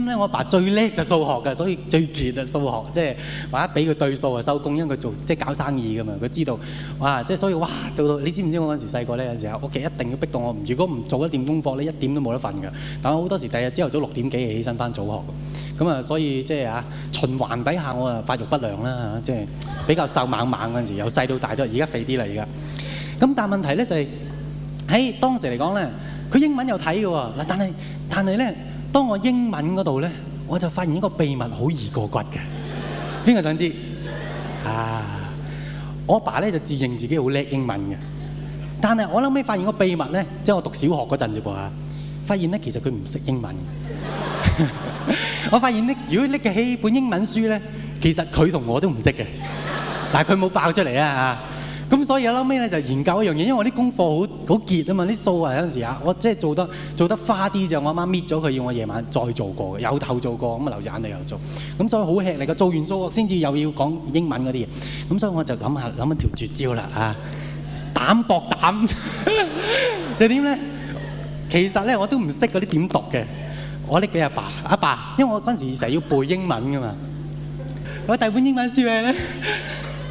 咁咧，我爸最叻就數學嘅，所以最傑啊數學，即係話一俾佢對數啊收工，因為佢做即係、就是、搞生意嘅嘛，佢知道哇，即、就、係、是、所以哇，到到你知唔知我嗰陣時細個咧，有時候屋企一定要逼到我，如果唔做一點功課咧，一點都冇得瞓嘅。但我好多時第二日朝頭早六點幾起身返早學，咁啊，所以即係啊循環底下我啊發育不良啦，即係比較瘦猛猛嗰陣時，由細到大都而家肥啲而家咁，但係問題咧就係、是、喺當時嚟講咧，佢英文又睇嘅嗱，但係但係咧。當我英文嗰度咧，我就發現一個秘密好易過骨嘅。邊個想知啊？我阿爸咧就自認自己好叻英文嘅，但係我後尾發現個秘密咧，即係我讀小學嗰陣啫噃啊！發現咧其實佢唔識英文。 我發現呢如果拎起本英文書咧，其實佢同我都唔識嘅。但係佢冇爆出嚟啊嚇！咁所以撈尾咧就研究一樣嘢，因為我啲功課好好結啊嘛，啲數啊有陣時啊，我即係做得做得花啲就我阿媽搣咗佢，要我夜晚再做過嘅，有頭做過，咁啊流眼淚又做，咁所以好吃力嘅，做完數先至又要講英文嗰啲嘢，咁所以我就諗下諗緊條絕招啦啊，膽薄膽，又點咧？其實咧我都唔識嗰啲點讀嘅，我搦俾阿爸阿爸，爸，爸，因為我嗰陣時成日要背英文噶嘛，我第本英文書俾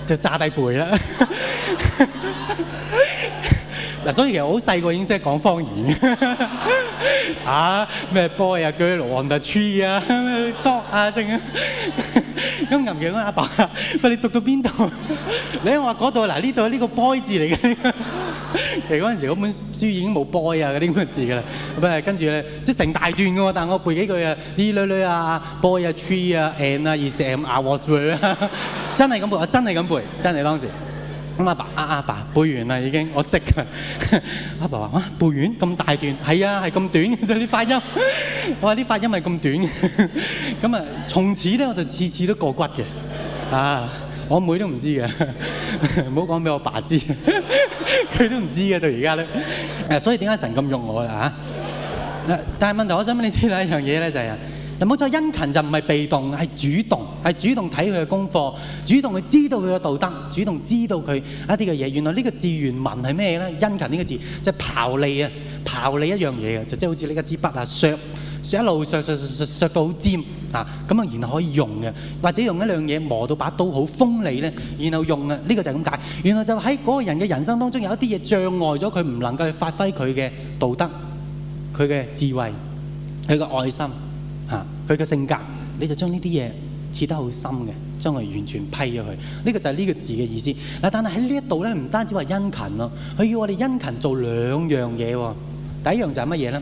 就炸低背啦！嗱，所以其實我好細個已經識講方言 啊咩 boy 啊，佢王得吹啊，多啊正！啊。等等 咁任、 嗯、其嗰阿爸，喂，你讀到邊度？ 你喺我話嗰度嗱，呢度係呢個 boy 字嚟嘅。其實嗰陣時嗰本書已經冇 boy 啊嗰啲咁嘅字㗎啦。唔係跟住咧，即係成大段嘅喎。但我背幾句類類啊，呢女女啊，boy 啊，tree 啊，and 啊，is am I was where 啊，真係咁背啊，真係咁背，真係當時。阿爸阿阿爸、啊、爸爸背完啦已經，我識㗎。阿爸話：啊，背完咁大段，係啊，係咁短嘅，啲發音。我話啲發音係咁短嘅。咁 啊，從此咧我就次次都過骨嘅。啊，我妹都唔知嘅，唔好講俾我爸爸知，佢 都唔知嘅到而家咧。誒， 所以點解神咁用我啦？嚇、啊。但係問題，我想俾你知道一樣嘢咧，就係啊。嗱，冇錯，殷勤就唔係被動，係主動，係主動睇佢嘅功課，主動去知道佢嘅道德，主動知道佢一啲嘅嘢。原來呢個字原文係咩咧？殷勤呢個字即係刨利啊，刨利一樣嘢啊，就即係好似呢一支筆啊，削削一路削削削削削到好尖啊，咁啊然後可以用嘅，或者用一樣嘢磨到把刀好鋒利咧，然後用啊，呢個就係咁解。原來就喺嗰個人嘅人生當中有一啲嘢障礙咗佢，唔能夠去發揮佢嘅道德、佢嘅智慧、佢嘅愛心。佢嘅性格，你就將呢啲嘢切得好深嘅，將佢完全批咗佢。呢、這個就係呢個字嘅意思。嗱，但係喺呢一度咧，唔單止話殷勤咯，佢要我哋殷勤做兩樣嘢。第一樣就係乜嘢咧？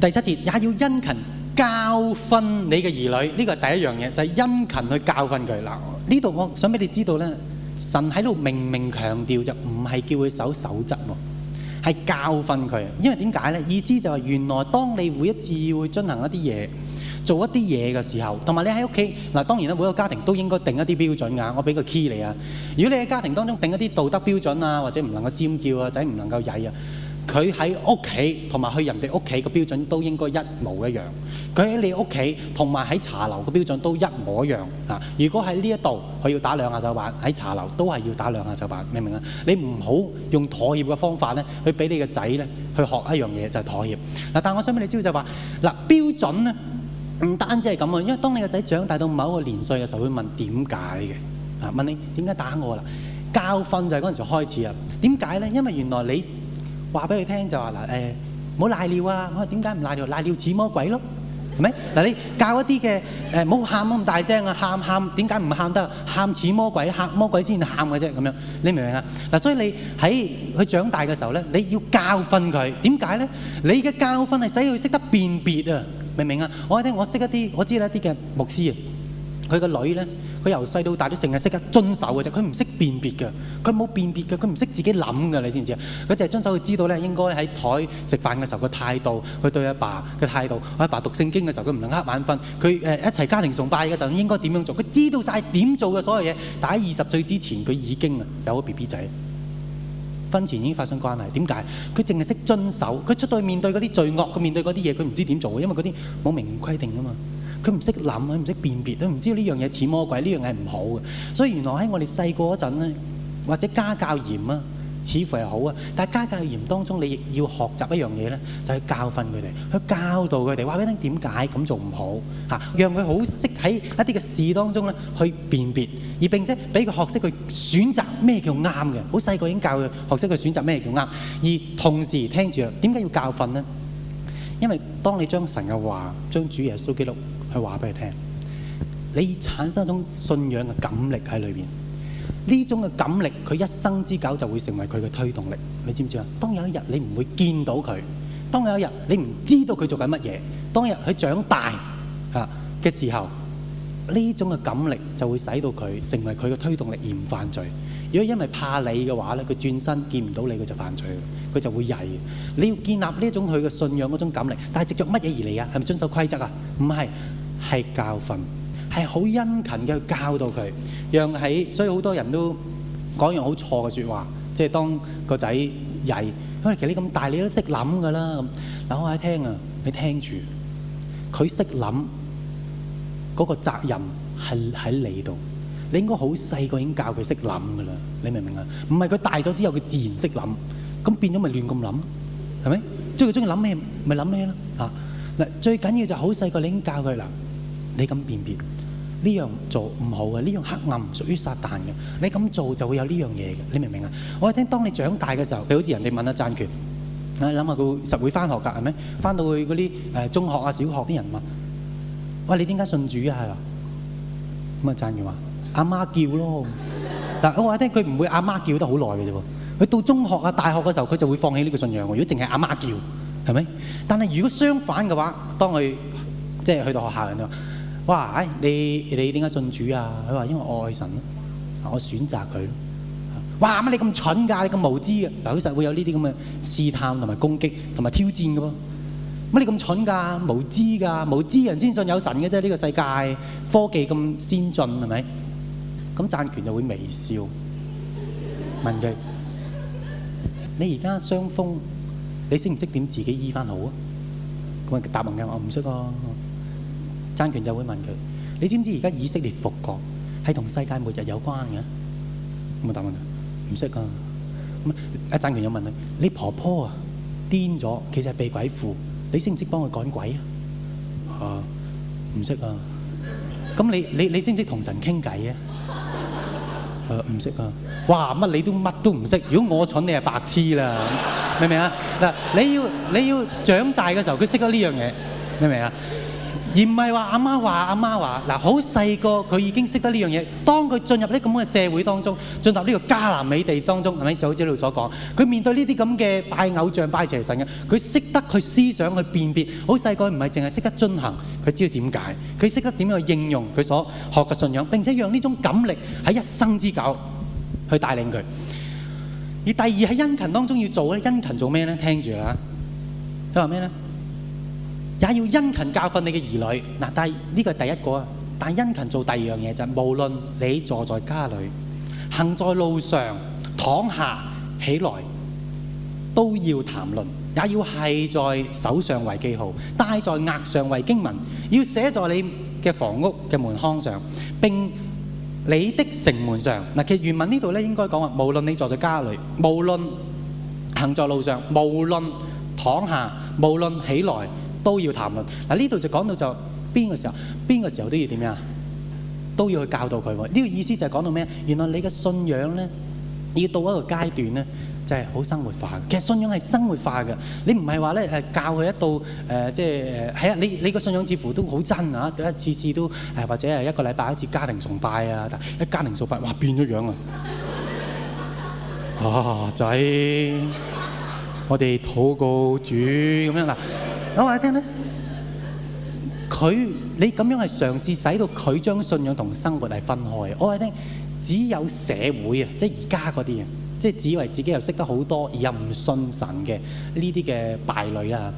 第七節也要殷勤教訓你嘅兒女，呢、這個係第一樣嘢就係、是、殷勤去教訓佢。嗱，呢度我想俾你知道咧，神喺度明明強調就唔係叫佢守守則喎。係教訓佢，因為點解咧？意思就係原來當你每一次會進行一啲嘢，做一啲嘢嘅時候，同埋你喺屋企嗱，當然啦，每個家庭都應該定一啲標準㗎。我俾個 key 你啊，如果你喺家庭當中定一啲道德標準啊，或者唔能夠尖叫啊，仔唔能夠曳啊。佢喺屋企同埋去人哋屋企個標準都應該一模一樣。佢喺你屋企同埋喺茶樓個標準都一模一樣啊。如果喺呢一度佢要打兩下手板，喺茶樓都係要打兩下手板，明唔明啊？你唔好用妥協嘅方法咧，去俾你個仔咧去學一樣嘢就係、是、妥協嗱。但我想俾你知道就話嗱，標準咧唔單止係咁啊，因為當你個仔長大到某一個年歲嘅時候，會問點解嘅啊？問你點解打我啦？教訓就係嗰陣時開始啊。點解咧？因為原來你。話俾佢聽就話嗱誒，唔好瀨尿啊！我話點解唔瀨尿？瀨尿似魔鬼咯，係咪？嗱你教一啲嘅誒，唔好喊咁大聲啊！喊喊點解唔喊得？喊似魔鬼，喊魔鬼先喊嘅啫，咁樣你明唔明啊？嗱，所以你喺佢長大嘅時候咧，你要教訓佢點解咧？你嘅教訓係使佢識得辨別啊，明唔明啊？我聽我識一啲，我知啦一啲嘅牧師啊。佢個女咧，佢由細到大都淨係識得遵守嘅啫，佢唔識辨別嘅，佢冇辨別嘅，佢唔識自己諗㗎，你知唔知啊？佢淨係遵守，佢知道咧應該喺台食飯嘅時候個態度，佢對阿爸嘅態度，阿爸，爸讀聖經嘅時候佢唔能瞌眼瞓，佢誒一齊家庭崇拜嘅時候應該點樣做，佢知道曬點做嘅所有嘢。但喺二十歲之前，佢已經啊有咗 B B 仔，婚前已經發生關係。點解？佢淨係識遵守，佢出到面對嗰啲罪惡，佢面對嗰啲嘢，佢唔知點做，因為嗰啲冇明規定㗎嘛。佢唔識諗，佢唔識辨別，佢唔知道呢樣嘢似魔鬼，呢樣嘢係唔好嘅。所以原來喺我哋細個嗰陣咧，或者家教嚴啊，似乎係好啊。但係家教嚴當中，你亦要學習一樣嘢咧，就係教訓佢哋，去教導佢哋話俾你聽點解咁做唔好嚇，讓佢好識喺一啲嘅事當中咧去辨別，而並且俾佢學識佢選擇咩叫啱嘅。好細個已經教佢學識佢選擇咩叫啱，而同時聽住，點解要教訓呢？因為當你將神嘅話，將主耶穌基督，話俾佢聽，你產生一種信仰嘅感力喺裏面。呢種嘅感力，佢一生之久就會成為佢嘅推動力。你知唔知啊？當有一日你唔會見到佢，當有一日你唔知道佢做緊乜嘢，當日佢長大吓嘅時候，呢種嘅感力就會使到佢成為佢嘅推動力而唔犯罪。如果因為怕你嘅話咧，佢轉身見唔到你，佢就犯罪，佢就會曳。你要建立呢一種佢嘅信仰嗰種感力，但係藉着乜嘢而嚟啊？係咪遵守規則啊？唔係。係教訓，係好殷勤嘅去教導佢，讓喺，所以好多人都講樣好錯嘅説話，即係當個仔曳，因為其實你咁大你都識諗噶啦，咁諗下聽啊，你聽住，佢識諗，嗰個責任係喺你度，你應該好細個已經教佢識諗噶啦，你明唔明啊？唔係佢大咗之後佢自然識諗，咁變咗咪亂咁諗，係咪？即係佢中意諗咩咪諗咩咯嚇，嗱，最緊要就好細個已經教佢啦。你咁辨別呢樣做唔好嘅，呢樣黑暗屬於撒旦嘅。你咁做就會有呢樣嘢嘅，你明唔明啊？我一聽當你長大嘅時候，佢好似人哋問阿贊權，啊諗下佢實會翻學㗎係咪？翻到去嗰啲誒中學啊、小學啲人問，喂，你點解信主啊？係啊，咁啊贊權話阿媽叫咯。嗱我一聽佢唔會阿媽叫得好耐嘅啫喎，佢到中學啊、大學嘅時候佢就會放棄呢個信仰喎。如果淨係阿媽叫係咪？但係如果相反嘅話，當佢即係去到學校人哋哇！你你點解信主啊？佢話因為愛神咯，我選擇佢咯。哇！乜你咁蠢㗎？你咁無知㗎？嗱，佢實會有呢啲咁嘅試探同埋攻擊同埋挑戰嘅噃。乜你咁蠢㗎？無知㗎？無知人先信有神嘅啫。呢個世界科技咁先進係咪？咁贊權就會微笑問佢：你而家傷風，你識唔識點自己醫翻好啊？咁啊，答問嘅我唔識喎。曾權就會問佢：你知唔知而家以色列復國係同世界末日有關嘅？冇答案啊！唔識啊。咁啊，曾權又問佢：你婆婆啊癲咗，其實係被鬼附。你識唔識幫佢趕鬼啊？啊，唔識啊。咁你你你識唔識同神傾偈啊？啊，唔識啊。哇，乜你都乜都唔識。如果我蠢，你係白痴啦，明唔明啊？嗱，你要你要長大嘅時候，佢識得呢樣嘢，明唔明啊？而唔係話阿媽話阿媽話嗱。好細個佢已經識得呢樣嘢，當佢進入呢咁嘅社會當中，進入呢個迦南美地當中，係咪？就好似你所講，佢面對呢啲咁嘅拜偶像、拜邪神嘅，佢識得去思想去辨別。好細個唔係淨係識得進行，佢知道點解，佢識得點樣去應用佢所學嘅信仰，並且讓呢種感力喺一生之久去帶領佢。而第二喺殷勤當中要做咧，殷勤做咩咧？聽住啦，佢話咩咧？也要殷勤教訓你嘅兒女嗱。但係呢個係第一個，但係殷勤做第二樣嘢就係無論你坐在家裏、行在路上、躺下起來，都要談論，也要係在手上為記號，戴在額上為經文，要寫在你嘅房屋嘅門框上，並你的城門上嗱。其實原文呢度咧應該講話，無論你坐在家裏，無論行在路上，無論躺下，無論起來。都要談論嗱，呢度就講到就邊個時候，邊個時候都要點樣，都要去教導佢喎。呢、呢個意思就係講到咩？原來你嘅信仰咧，要到一個階段咧，就係、係、好生活化。其實信仰係生活化嘅，你唔係話咧誒教佢一到誒即係係啊，你你個信仰似乎都好真啊！一次次都、啊、或者係一個禮拜一次家庭崇拜啊，一家庭崇拜哇變咗樣了 啊！啊仔，我哋禱告主咁樣嗱。啊。我話你聽咧，佢你咁樣係嘗試使到佢將信仰同生活係分開嘅。我話你聽，只有社會啊，即係而家嗰啲啊，即係自以為自己又識得好多而又唔信神嘅呢啲嘅敗類啊，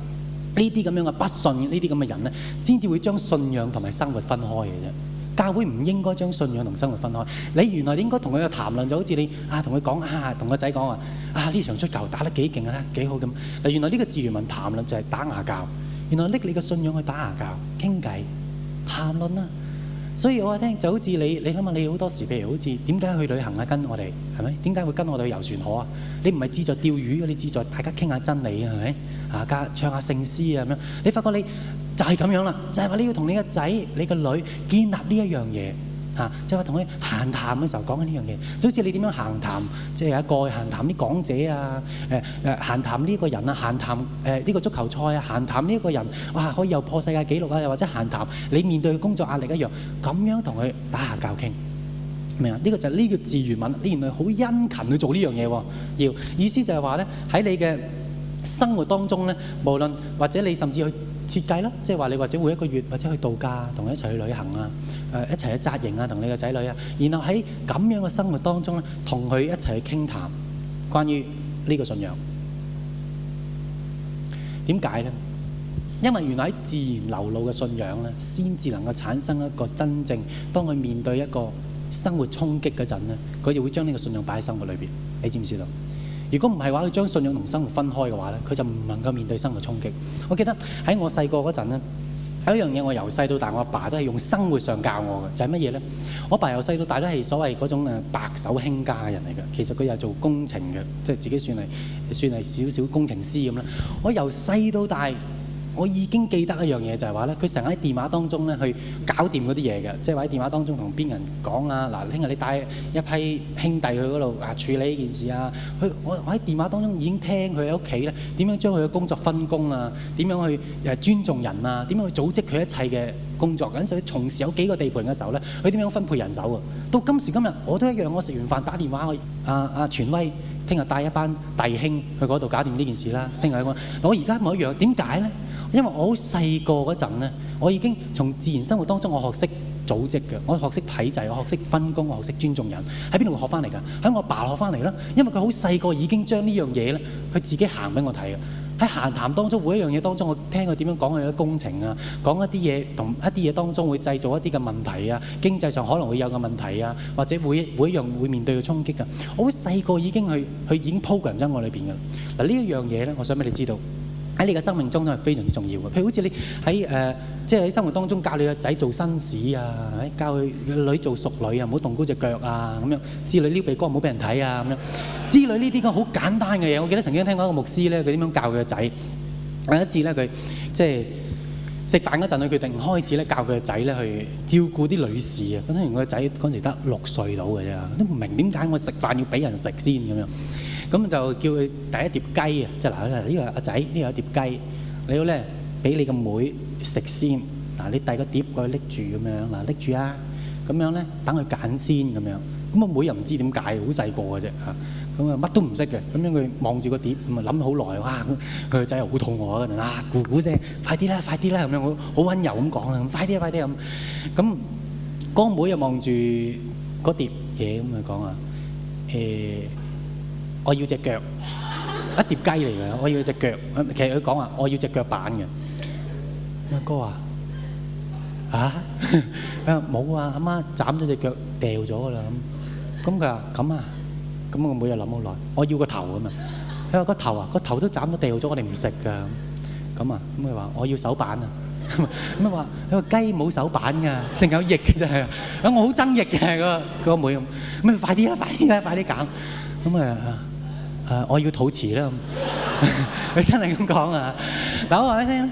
呢啲咁樣嘅不信呢啲咁嘅人咧，先至會將信仰同埋生活分開嘅啫。教會唔應該將信仰同生活分開。你原來應該同佢嘅談論就好似你啊，同佢講啊，同個仔講啊，啊呢場足球打得幾勁啦，幾好咁、嗱。原來呢個自語文談論就係打牙教。原來拎你嘅信仰去打牙教、傾偈、談論啦。所以我話你聽就好似你，你諗下，你好多時譬如好似點解去旅行啊？跟我哋係咪？點解會跟我哋去遊船河啊？你唔係志在釣魚嗰啲，志在大家傾下真理是啊，係咪大家唱下聖詩啊，你發覺你就係這樣啦，就係、是、話你要同你嘅仔、你嘅女建立呢一樣嘢。嚇！即係我同佢閒談嘅時候講緊呢樣嘢，就好似你點樣閒談，即係一個閒談啲講者啊，誒、啊、誒閒談呢個人啊，閒談誒呢、啊這個足球賽啊，閒談呢個人，哇！可以又破世界紀錄啊，又或者閒談你面對嘅工作壓力一樣，咁樣同佢打下教傾，明啊？呢、這個就係呢個字原文，你原來好殷勤去做呢樣嘢喎，要意思就係話咧，喺你嘅生活當中咧，無論或者你甚至去。設計啦，即係話你或者每一個月或者去度假啊，同佢一齊去旅行啊，誒一齊去紮營啊，同你嘅仔女啊，然後喺咁樣嘅生活當中咧，同佢一齊去傾談關於呢個信仰。點解咧？因為原來喺自然流露嘅信仰咧，先至能夠產生一個真正。當佢面對一個生活衝擊嗰陣咧，佢就會將呢個信仰擺喺生活裏邊。你知唔知道？如果唔係話，佢將信仰同生活分開嘅話咧，佢就唔能夠面對生活衝擊。我記得喺我細個嗰陣咧，有一樣嘢我由細到大，我阿爸都係用生活上教我嘅，就係乜嘢咧？我阿爸由細到大都係所謂嗰種白手興家嘅人嚟嘅，其實佢又做工程嘅，即係自己算係算係少少工程師咁啦。我由細到大。我已經記得一樣嘢，就係話咧，佢成日喺電話當中咧去搞掂嗰啲嘢嘅，即係話喺電話當中同邊人講啊。嗱，聽日你帶一批兄弟去嗰度啊，處理呢件事啊。佢我我喺電話當中已經聽佢喺屋企咧點樣將佢嘅工作分工啊，點樣去誒尊重人啊，點樣去組織佢一切嘅工作嘅陣時，佢從事有幾個地盤嘅時候咧，佢點樣分配人手啊？到今時今日我都一樣，我食完飯打電話去啊啊！傳、啊、威，聽日帶一班弟兄去嗰度搞掂呢件事啦。聽日我我而家冇一樣，點解咧？因為我好細個嗰陣咧，我已經從自然生活當中我學識組織嘅，我學識體制，我學識分工，我學識尊重人，喺邊度學翻嚟㗎？喺我爸學翻嚟啦。因為佢好細個已經將呢樣嘢呢，佢自己行俾我睇嘅。喺閒談當中，每一樣嘢當中，我聽佢點樣講佢嘅工程啊，講一啲嘢同一啲嘢當中會製造一啲嘅問題啊，經濟上可能會有嘅問題啊，或者每一讓會面對嘅衝擊啊。我好細個已經去去已 r a m 喺我裏邊嘅啦。嗱，呢一樣嘢呢，我想俾你知道。喺你嘅生命中都係非常之重要嘅，譬如好似你喺誒，即係喺生活當中教你個仔做紳士啊，教佢個女做淑女啊，唔好動高隻腳啊，咁樣之類，撩鼻哥唔好俾人睇啊，咁樣之類呢啲咁好簡單嘅嘢。我記得曾經聽過一個牧師咧，佢點樣教佢個仔，第一次咧佢即係食飯嗰陣，佢決定開始咧教佢個仔咧去照顧啲女士啊。咁當然我個仔嗰陣時得六歲到嘅啫，都唔明點解我食飯要俾人食先咁樣。咁就叫佢第一碟雞啊！即係嗱，呢個阿仔呢個碟雞，你要咧俾你個妹食先。嗱，你遞個碟過去拎住咁樣，嗱拎住啊！咁樣咧等佢揀先咁樣。咁啊妹又唔知點解，好細個嘅啫嚇。咁啊乜都唔識嘅，咁樣佢望住個碟，咪諗好耐哇！佢個仔又好肚餓，嗰陣嗱咕咕聲，快啲啦，快啲啦咁樣，我好溫柔咁講啊，快啲啊，快啲咁。咁個妹又望住嗰碟嘢咁啊講啊，誒。我要隻腳，一碟雞嚟嘅。我要隻腳，其實佢講話我要隻腳板嘅。阿哥話：啊，佢話冇啊，阿媽斬咗隻腳掉咗㗎啦。咁，咁佢話咁啊，咁我妹又諗好耐，我要個頭㗎、啊、嘛。佢話、那個頭啊，個頭都斬咗掉咗，我哋唔食㗎。咁啊，咁佢話我要手板啊。咁啊話，個雞冇手板㗎，淨有翼嘅啫係。咁 我好憎翼嘅，個個妹咁。咁快啲啦、啊，快啲啦、啊，快啲揀。咁啊～誒，我要肚餓啦咁，佢真係咁講啊！嗱，我話你聽，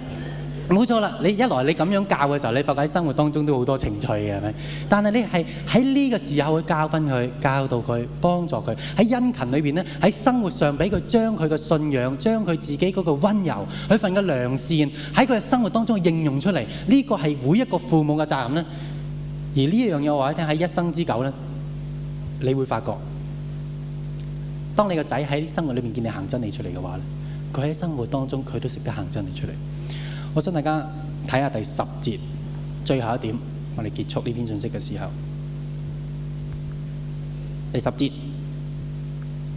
冇錯啦，你一來你咁樣教嘅時候，你發覺喺生活當中都好多情趣嘅，係咪？但係你係喺呢個時候去教訓佢，教導佢幫助佢，喺殷勤裏邊咧，喺生活上俾佢將佢嘅信仰、將佢自己嗰個溫柔、佢份嘅良善喺佢嘅生活當中應用出嚟，呢個係每一個父母嘅責任咧。而呢一樣嘢，我話你聽，喺一生之久咧，你會發覺。當你個仔喺生活裏面見你行真理出嚟嘅話咧，佢喺生活當中佢都識得行真理出嚟。我想大家睇下第十節最後一點，我哋結束呢篇信息嘅時候。第十節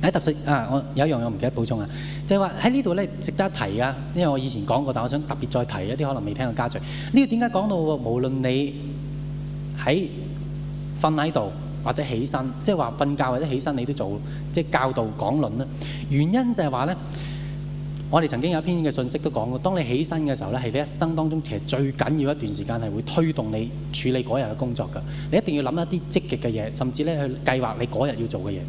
喺第十啊，我有一樣我唔記得補充啊，就係話喺呢度咧值得一提啊，因為我以前講過，但我想特別再提一啲可能未聽嘅家長。呢個點解講到無論你喺瞓喺度？或者起身，即係話瞓覺或者起身，你都做，即係教導講論啦。原因就係話咧，我哋曾經有一篇嘅信息都講過，當你起身嘅時候咧，係你一生當中其實最緊要的一段時間，係會推動你處理嗰日嘅工作㗎。你一定要諗一啲積極嘅嘢，甚至咧去計劃你嗰日要做嘅嘢。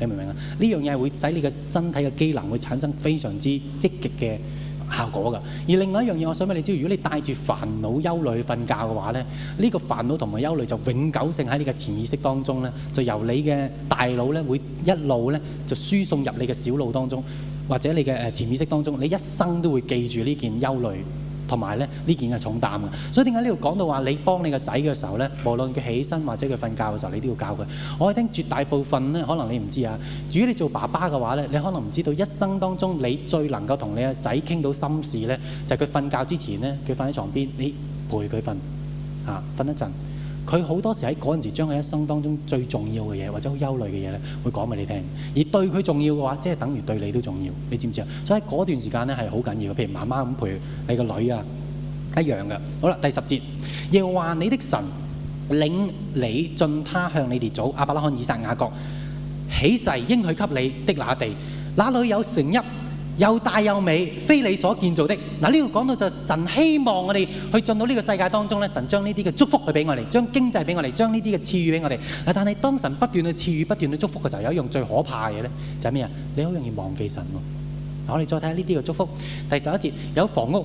你明唔明啊？呢樣嘢係會使你嘅身體嘅機能會產生非常之積極嘅效果㗎。而另外一樣嘢，我想問你知道，如果你帶住煩惱、憂慮去瞓覺嘅話，呢個煩惱同埋憂慮就永久性喺你嘅潛意識當中，呢就由你嘅大腦呢會一路呢就輸送入你嘅小腦當中，或者你嘅誒潛意識當中，你一生都會記住呢件憂慮。同埋咧，呢件係重擔啊。所以點解呢度講到話你幫你個仔嘅時候咧，無論佢起身或者佢瞓覺嘅時候，你都要教佢。我聽絕大部分咧，可能你唔知啊。如果你做爸爸嘅話咧，你可能唔知道，一生當中你最能夠同你嘅仔傾到心事咧，就係佢瞓覺之前咧，佢瞓喺床邊，你陪佢瞓嚇，瞓啊，瞓一陣。佢好多時喺嗰陣時將佢一生當中最重要嘅嘢或者好憂慮嘅嘢咧，會講俾你聽。而對佢重要嘅話，即係等於對你都重要。你知唔知啊？所以喺嗰段時間咧，係好緊要嘅。譬如媽媽咁陪你個女啊，一樣嘅。好啦，第十節，又話你的神領你進他向你哋祖亞伯拉罕、以撒、雅各起誓應許給你的那地，那裏有城邑。又大又美，非你所建造的。嗱，呢度講到就神希望我哋去進到呢個世界當中咧，神將呢啲嘅祝福去俾我哋，將經濟俾我哋，將呢啲嘅賜予俾我哋。嗱，但係當神不斷去賜予、不斷去祝福嘅時候，有一樣最可怕嘅咧，就係咩啊？你好容易忘記神喎。嗱，我哋再睇下呢啲嘅祝福。第十一節，有房屋。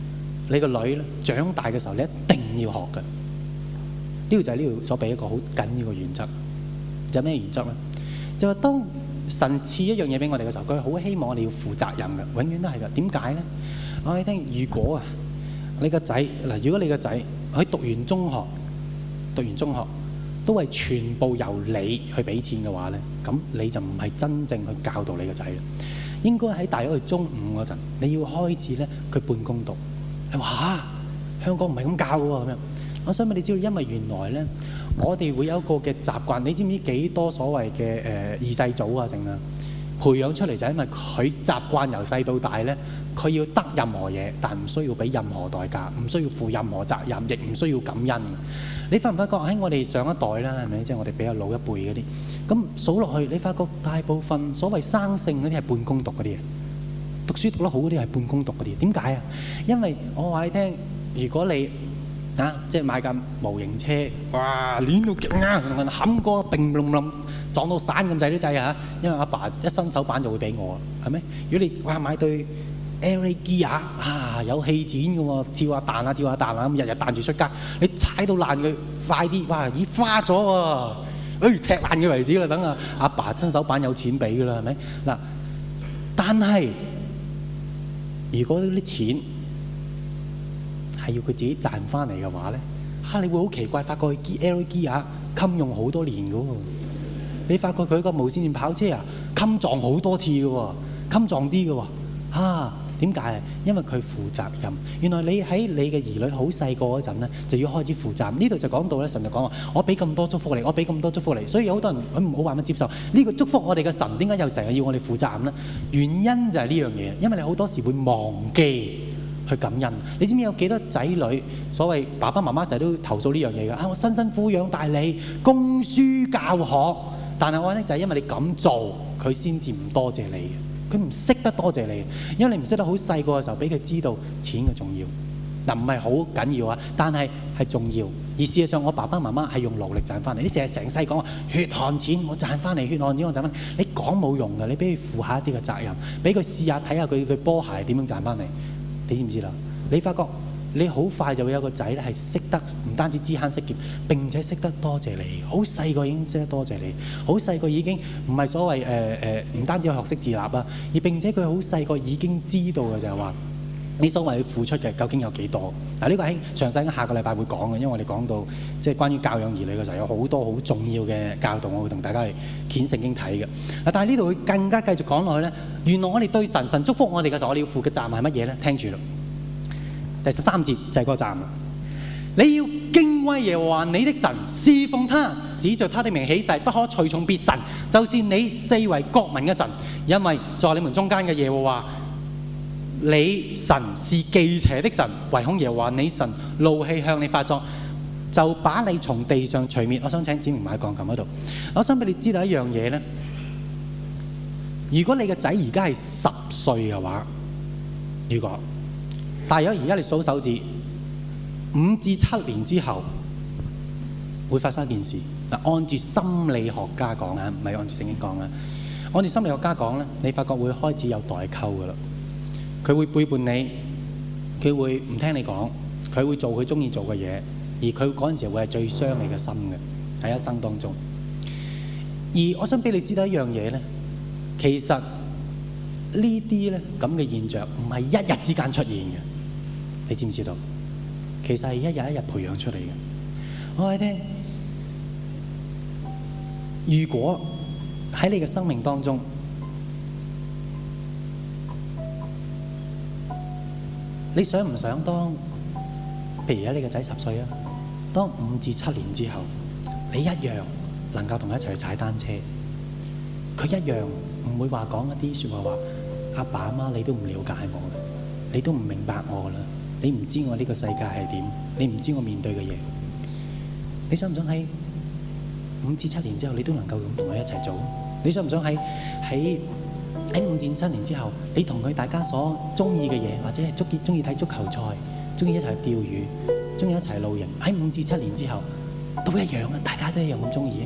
你個女咧長大嘅時候，你一定要學嘅。呢個就係呢度所俾一個好緊要嘅原則。有咩原則咧？就係當神賜一樣嘢俾我哋嘅時候，佢好希望我哋要負責任嘅，永遠都係嘅。點解咧？我話你聽，如果啊，你個仔嗱，如果你個仔喺讀完中學，讀完中學都係全部由你去俾錢嘅話咧，咁你就唔係真正去教導你個仔啦。應該喺大約去中五嗰陣，你要開始咧，佢半工讀。你話香港唔係咁教嘅喎，咁樣。我想問你知道，因為原來咧，我哋會有一個嘅習慣，你知唔知幾多所謂嘅誒、呃、二世祖啊，成啊，培養出嚟就係因為佢習慣由細到大咧，佢要得任何嘢，但唔需要俾任何代價，唔需要負任何責任，亦唔需要感恩。你發唔發覺？喺我哋上一代啦，係咪？即、就、係、是、我哋比較老一輩嗰啲，咁數落去，你發覺大部分所謂生性嗰啲係半工讀嗰啲人。讀書讀得好嗰啲係半工讀嗰啲，點解啊？因為我話你聽，如果你啊，即係買架模型車，哇，攣到隻眼，冚過，乒冧冧撞到散咁滯啲掣嚇。因為阿爸，爸一伸手板就會俾我，係咪？如果你哇、啊、買對 L.A. Gear 啊，有氣墊嘅喎，跳下彈下跳下彈下咁，日日彈住出街，你踩到爛佢，快啲哇，已花咗喎，誒、哎，踢爛佢為止啦，等啊阿爸，爸伸手板有錢俾嘅啦，係咪？嗱，但係。如果啲錢係要佢自己賺返嚟嘅話呢、啊、你會好奇怪，發覺佢 L.G. 啊襟用好多年嘅喎，你發覺佢個無線電跑車啊襟撞好多次嘅喎，襟撞啲嘅喎，啊。點解？因為佢負責任。原來你喺你嘅兒女好細個嗰陣咧，就要開始負責。呢度就講到咧，神就講話：我俾咁多祝福你，我俾咁多祝福你。所以有好多人佢唔好話乜接受呢個祝福。我哋嘅神點解又成日要我哋負責任咧？原因就係呢樣嘢，因為你好多時會忘記去感恩。你知唔知有幾多仔女？所謂爸爸媽媽成日都投訴呢樣嘢嘅啊！我辛辛苦苦養大你，供書教學，但係我話咧，就係因為你咁做，佢先至唔多謝你。佢唔識得多謝你，因為你唔識得好細個嘅時候，俾佢知道錢嘅重要。嗱，唔係好緊要啊，但係係重要。而事實上，我爸爸媽媽係用勞力賺翻嚟。你成日成世講血汗錢，我賺翻嚟，血汗錢我賺翻嚟。你講冇用㗎，你俾佢負下一啲嘅責任，俾佢試下睇下佢對波鞋點樣賺翻嚟。你知唔知啦？你發覺？你好快就會有一個仔咧，係識得唔單止知慳識儉，並且識得多謝你。好細個已經識得多謝你，好細個已經唔係所謂誒誒，唔、呃呃、單止學識自立啦，而並且佢好細個已經知道嘅就係話，你所謂付出嘅究竟有幾多？嗱、啊，呢、這個喺詳細下個禮拜會講嘅，因為我哋講到即係關於教養兒女嘅時候，有好多好重要嘅教導，我會同大家去虔聖經睇嘅。嗱、啊，但係呢度會更加繼續講落去咧，原來我哋對神神祝福我哋嘅時候，我哋要負嘅責任係乜嘢咧？聽住。第十三節就係嗰個站。你要敬畏耶和華你的神，侍奉他，指著他的名起誓，不可隨從別神。就是你四圍國民嘅神，因為在你們中間嘅耶和華，你神是忌邪的神，唯恐耶和華你神怒氣向你發作，就把你從地上除滅。我想請展明買鋼琴嗰度。我想俾你知道一樣嘢呢：如果你嘅仔而家係十歲嘅話，如果但係有而家你數手指，五至七年之後會發生一件事。嗱，按住心理學家講啊，唔係按住聖經講啊。按住心理學家講咧，你發覺會開始有代溝噶啦。佢會背叛你，佢會唔聽你講，佢會做佢中意做嘅嘢，而佢嗰陣時會係最傷你嘅心嘅喺一生當中。而我想俾你知道一樣嘢咧，其實呢啲咧咁嘅現象唔係一日之間出現嘅。你知唔知道？其實係一日一日培養出嚟嘅。我話你聽，如果喺你嘅生命當中，你想唔想當？譬如而家你個仔十歲啊，當五至七年之後，你一樣能夠同佢一齊去踩單車。佢一樣唔會說些說話講一啲説話，話阿爸阿媽你都唔了解我嘅，你都唔明白我嘅啦。你唔知我呢個世界係點，你唔知我面對嘅嘢。你想唔想喺五至七年之後，你都能夠咁同佢一齊做？你想唔想喺喺喺五至七年之後，你同佢大家所中意嘅嘢，或者係中意中意睇足球賽，中意一齊釣魚，中意一齊露營？喺五至七年之後都一樣啊，大家都一樣咁中意啊！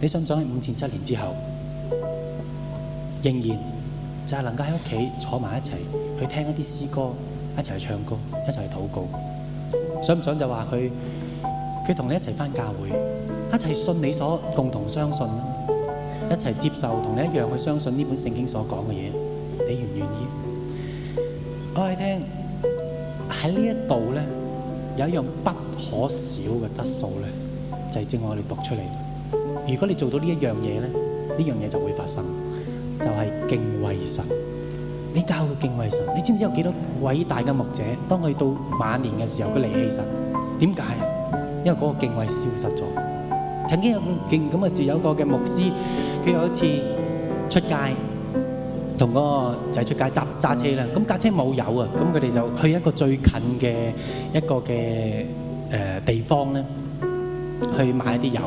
你想唔想喺五至七年之後，仍然就係能夠喺屋企坐埋一齊去聽一啲詩歌？一齊去唱歌，一齊去禱告，想唔想就話佢？佢同你一齊翻教會，一齊信你所共同相信，一齊接受同你一樣去相信呢本聖經所講嘅嘢，你願唔願意？我哋聽喺呢一度咧，有一樣不可少嘅質素咧，就係、是、正我哋讀出嚟。如果你做到呢一樣嘢咧，呢樣嘢就會發生，就係、是、敬畏神。你教佢敬畏神，你知唔知有幾多偉大嘅牧者？當佢到晚年嘅時候，佢離棄神，點解啊？因為嗰個敬畏消失咗。曾經有件咁嘅事，有一個嘅牧師，佢有一次出街，同嗰個仔出街揸揸車啦。咁架車冇油啊，咁佢哋就去一個最近嘅一個嘅誒地方咧，去買一啲油。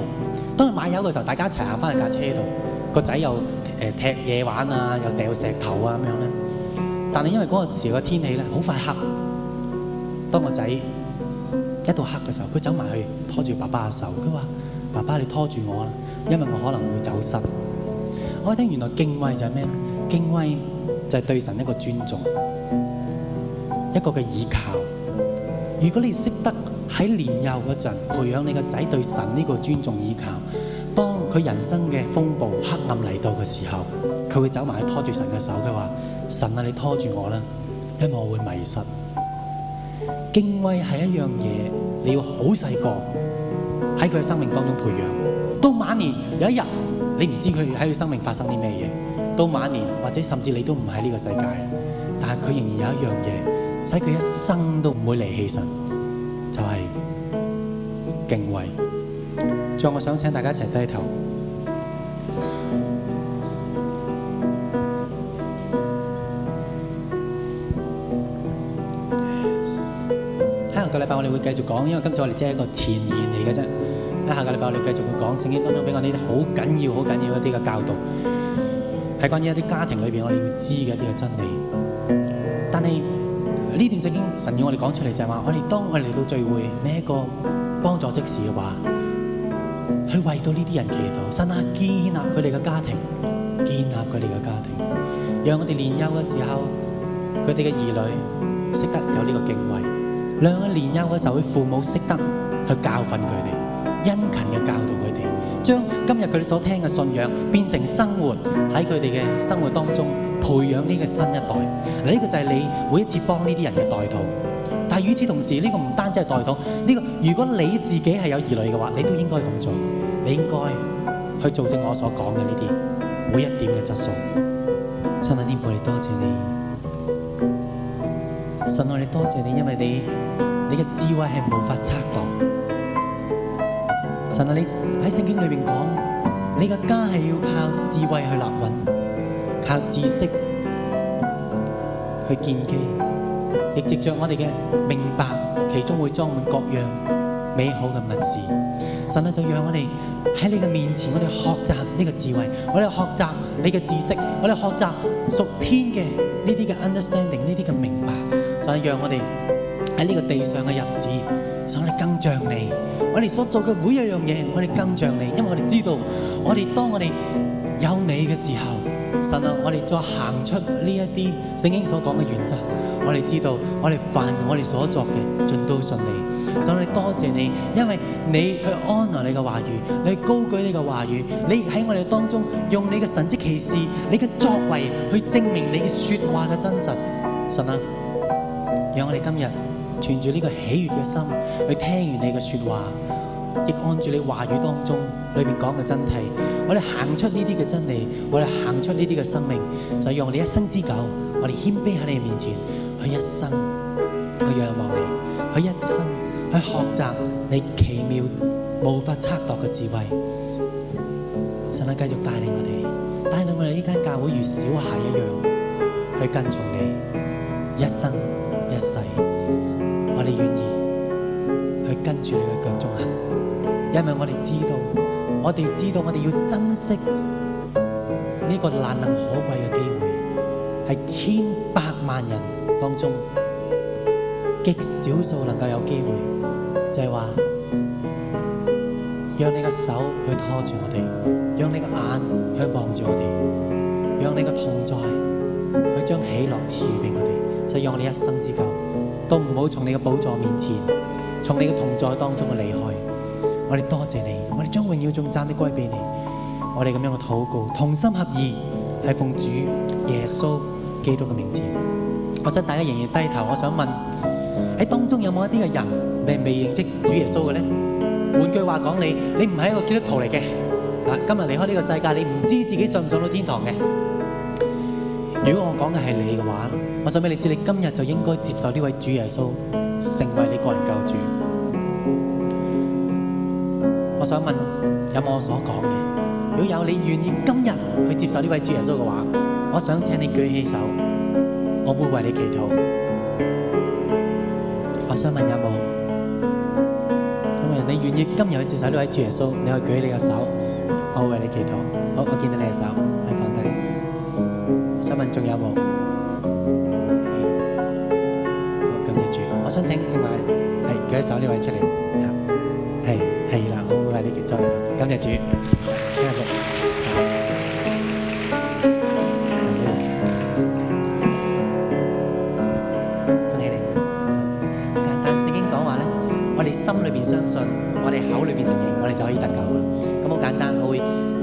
當佢買油嘅時候，大家一齊行翻去架車度，個仔又誒踢嘢玩啊，又掉石頭啊咁樣咧。但係因為嗰個時嘅天氣咧，好快黑。當個仔一到黑嘅時候，佢走埋去拖住爸爸嘅手，佢話：爸爸你拖住我啦，因為我可能會走失。我聽原來敬畏就係咩咧？敬畏就係對神一個尊重，一個嘅倚靠。如果你識得喺年幼嗰陣培養你個仔對神呢個尊重倚靠，當佢人生嘅風暴黑暗嚟到嘅時候，佢會走埋去拖住神嘅手，佢話：神啊，你拖住我啦，因為我會迷失。敬畏係一樣嘢，你要好細個喺佢生命當中培養。到晚年有一日，你唔知佢喺佢生命發生啲咩嘢。到晚年或者甚至你都唔喺呢個世界，但係佢仍然有一樣嘢，使佢一生都唔會離棄神，就係敬畏。在我想請大家一齊低頭。會繼續講，因為今次我哋只係一個前言嚟嘅啫。喺下個禮拜我哋繼續會講聖經當中俾我呢啲好緊要、好緊要一啲嘅教導，係關於一啲家庭裏邊我哋要知嘅一啲嘅真理。但係呢段聖經神要我哋講出嚟就係話，我哋當我哋嚟到聚會，呢一個幫助即係嘅話，去為到呢啲人祈禱，神啊，建立佢哋嘅家庭，建立佢哋嘅家庭，讓我哋年幼嘅時候，佢哋嘅兒女識得有呢個敬畏。兩個年幼嘅時候，佢父母識得去教訓佢哋，殷勤嘅教導佢哋，將今日佢哋所聽嘅信仰變成生活喺佢哋嘅生活當中，培養呢個新一代。呢個就係你每一次幫呢啲人嘅代禱。但係與此同時，呢個唔單止係代禱，呢個如果你自己係有兒女嘅話，你都應該咁做。你應該去做正我所講嘅呢啲每一點嘅質素。親愛的天父，我哋多謝你，神愛你，多謝你，因為你。你嘅智慧係無法測度。神啊，你喺聖經裏邊講，你嘅家係要靠智慧去立穩，靠知識去建基，亦藉著我哋嘅明白，其中會裝滿各樣美好嘅物事。神啊，就讓我哋喺你嘅面前，我哋學習呢個智慧，我哋學習你嘅知識，我哋學習屬天嘅呢啲嘅 understanding，呢啲嘅明白。神啊，讓我哋。喺呢個地上嘅日子，使我哋更像你；我哋所做嘅每一樣嘢，我哋更像你，因為我哋知道，我哋當我哋有你嘅時候，神啊，我哋再行出呢一啲聖經所講嘅原則，我哋知道，我哋凡我哋所作嘅，盡都順利。使我哋多謝你，因為你去安慰你嘅話語，你高舉你嘅話語，你喺我哋當中用你嘅神蹟奇事、你嘅作為去證明你嘅說話嘅真實。神啊，讓我哋今日。存住呢個喜悅嘅心去聽完你嘅說話，亦按住你話語當中裏面講嘅真諦，我哋行出呢啲嘅真理，我哋行出呢啲嘅生命，就用你一生之久，我哋謙卑喺你面前，去一生去仰望你，去一生去學習你奇妙無法測度嘅智慧。神啊，繼續帶領我哋，帶領我哋呢間教會如小孩一樣去跟從你，一生，一生一世。住你嘅腳中啊！因為我哋知道，我哋知道，我哋要珍惜呢個難能可貴嘅機會，係千百萬人當中極少數能夠有機會。就係、是、話，讓你嘅手去拖住我哋，讓你嘅眼去望住我哋，讓你嘅同在去將喜樂賜俾我哋，就讓我哋一生之久都唔好從你嘅寶座面前，你同你嘅同在當中嘅離開，我哋多謝,謝你，我哋將榮耀仲讚啲歸俾你。我哋咁樣嘅禱告，同心合意，係奉主耶穌基督嘅名字。我想大家仍然低頭，我想問喺當中有冇一啲嘅人未未認識主耶穌嘅咧？換句話講，你你唔係一個基督徒嚟嘅，啊，今日離開呢個世界，你唔知道自己上唔上到天堂嘅。如果我講嘅係你嘅話，我想俾你知道，你今日就應該接受呢位主耶穌。成為你個人救主。我想問，有冇我所講嘅？如果有，你願意今日去接受呢位主耶穌嘅話，我想請你舉起手，我會為你祈禱。我想問有冇？咁啊，你願意今日去接受呢位主耶穌？你去舉起你個手，我會為你祈禱。好，我見到你嘅手，你放低。我想問仲有冇？一首呢位出嚟，係係啦，我會為你結束。感謝主，今日嘅。翻起嚟，好簡單。聖經講話咧，我哋心裏邊相信，我哋口裏邊承認，我哋就可以得救。咁好簡單，我會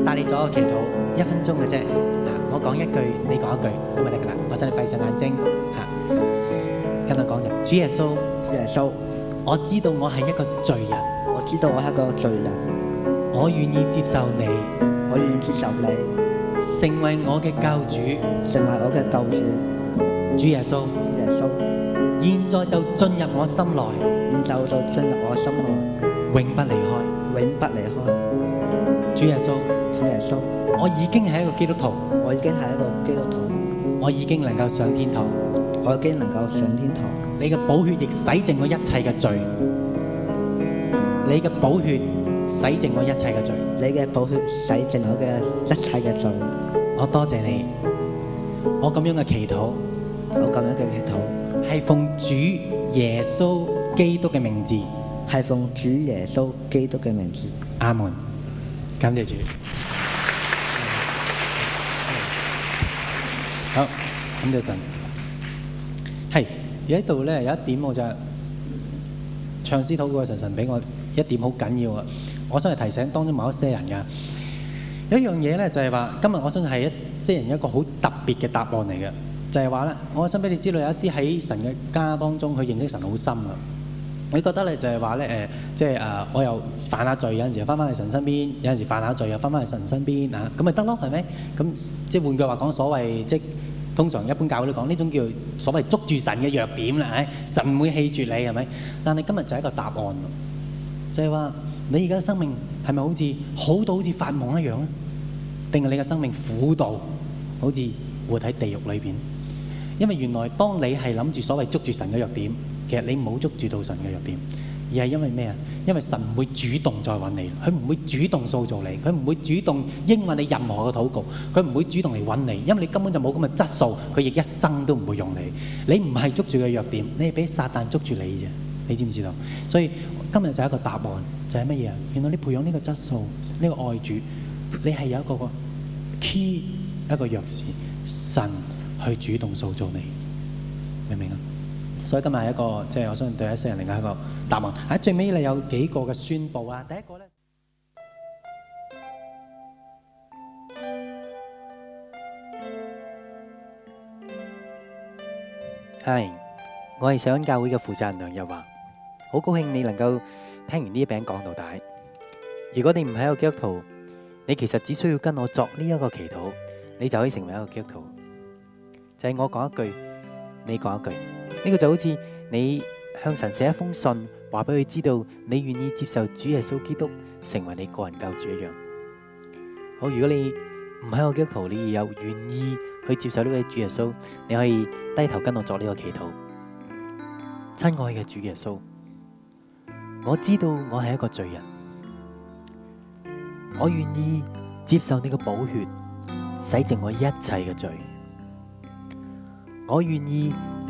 帶你做一個祈禱，一分鐘嘅啫。嗱，我講一句，你講一句，咁咪得噶啦。我請你閉上眼睛，吓，跟我講就，主耶穌，耶穌。我知道我係一個罪人，我知道我係一個罪人，我願意接受你，我願意接受你，成為我嘅教主，成為我嘅救主，主耶穌，主耶穌，現在就進入我心內，現在就進入我心內，永不離開，永不離開，主耶穌，主耶穌，我已經係一個基督徒，我已經係一個基督徒，我已經能夠上天堂，我已經能夠上天堂。你嘅寶血亦洗淨我一切嘅罪，你嘅寶血洗淨我一切嘅罪，你嘅寶血洗淨我嘅一切嘅罪，我多謝你，我咁樣嘅祈禱，我咁樣嘅祈禱係奉主耶穌基督嘅名字，係奉主耶穌基督嘅名字，阿門，感謝主。好，咁就神。而喺度咧有一點我就唱詩禱告嘅神神俾我一點好緊要啊！我想係提醒當中某一些人㗎。有一樣嘢咧就係話，今日我想係一些人一個好特別嘅答案嚟嘅，就係話咧，我想俾你知道有一啲喺神嘅家當中，去認識神好深啊！你覺得咧就係話咧誒，即係誒我又犯下罪，有陣時又翻返去神身邊，有陣時犯下罪又翻返去神身邊啊，咁咪得咯係咪？咁即係換句話講，所謂即係。通常一般教會都講呢種叫所謂捉住神嘅弱點啦，唉，神會棄住你係咪？但係今日就係一個答案咯，就係話你而家生命係咪好似好到好似發夢一樣啊？定係你嘅生命苦到好似活喺地獄裏邊？因為原來當你係諗住所謂捉住神嘅弱點，其實你冇捉住到神嘅弱點。而係因為咩啊？因為神唔會主動再揾你，佢唔會主動塑造你，佢唔會主動應允你任何嘅禱告，佢唔會主動嚟揾你，因為你根本就冇咁嘅質素，佢亦一生都唔會用你。你唔係捉住嘅弱點，你係俾撒旦捉住你啫。你知唔知道？所以今日就係一個答案，就係乜嘢啊？原來你培養呢個質素，呢個愛主，你係有一個 key 一個弱點，神去主動塑造你，明唔明啊？所以今日係一個，即係我相信對一些人嚟講係一個答案。喺最尾，你有幾個嘅宣佈啊？第一個咧，係我係上恩教會嘅負責人梁日華，好高興你能夠聽完呢一餅講到底。如果你唔係一個基督徒，你其實只需要跟我作呢一個祈禱，你就可以成為一個基督徒。就係我講一句，你講一句。呢個就好似你向神寫一封信，話俾佢知道你願意接受主耶穌基督成為你個人救主一樣。好，如果你唔係我嘅基督徒，你有願意去接受呢位主耶穌，你可以低頭跟我作呢個祈禱。親愛嘅主耶穌，我知道我係一個罪人，我願意接受你嘅寶血洗淨我一切嘅罪，我願意。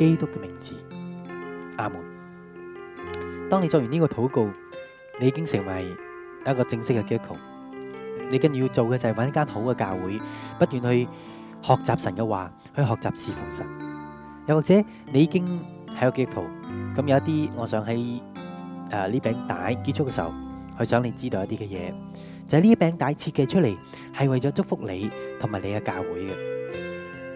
基督嘅名字，阿門。當你作完呢個禱告，你已經成為一個正式嘅基督徒。你跟住要做嘅就係搵一間好嘅教會，不斷去學習神嘅話，去學習侍奉神。又或者你已經喺個基督徒，咁有一啲，我想喺誒呢餅帶結束嘅時候，去想你知道一啲嘅嘢，就係呢餅帶設計出嚟係為咗祝福你同埋你嘅教會嘅。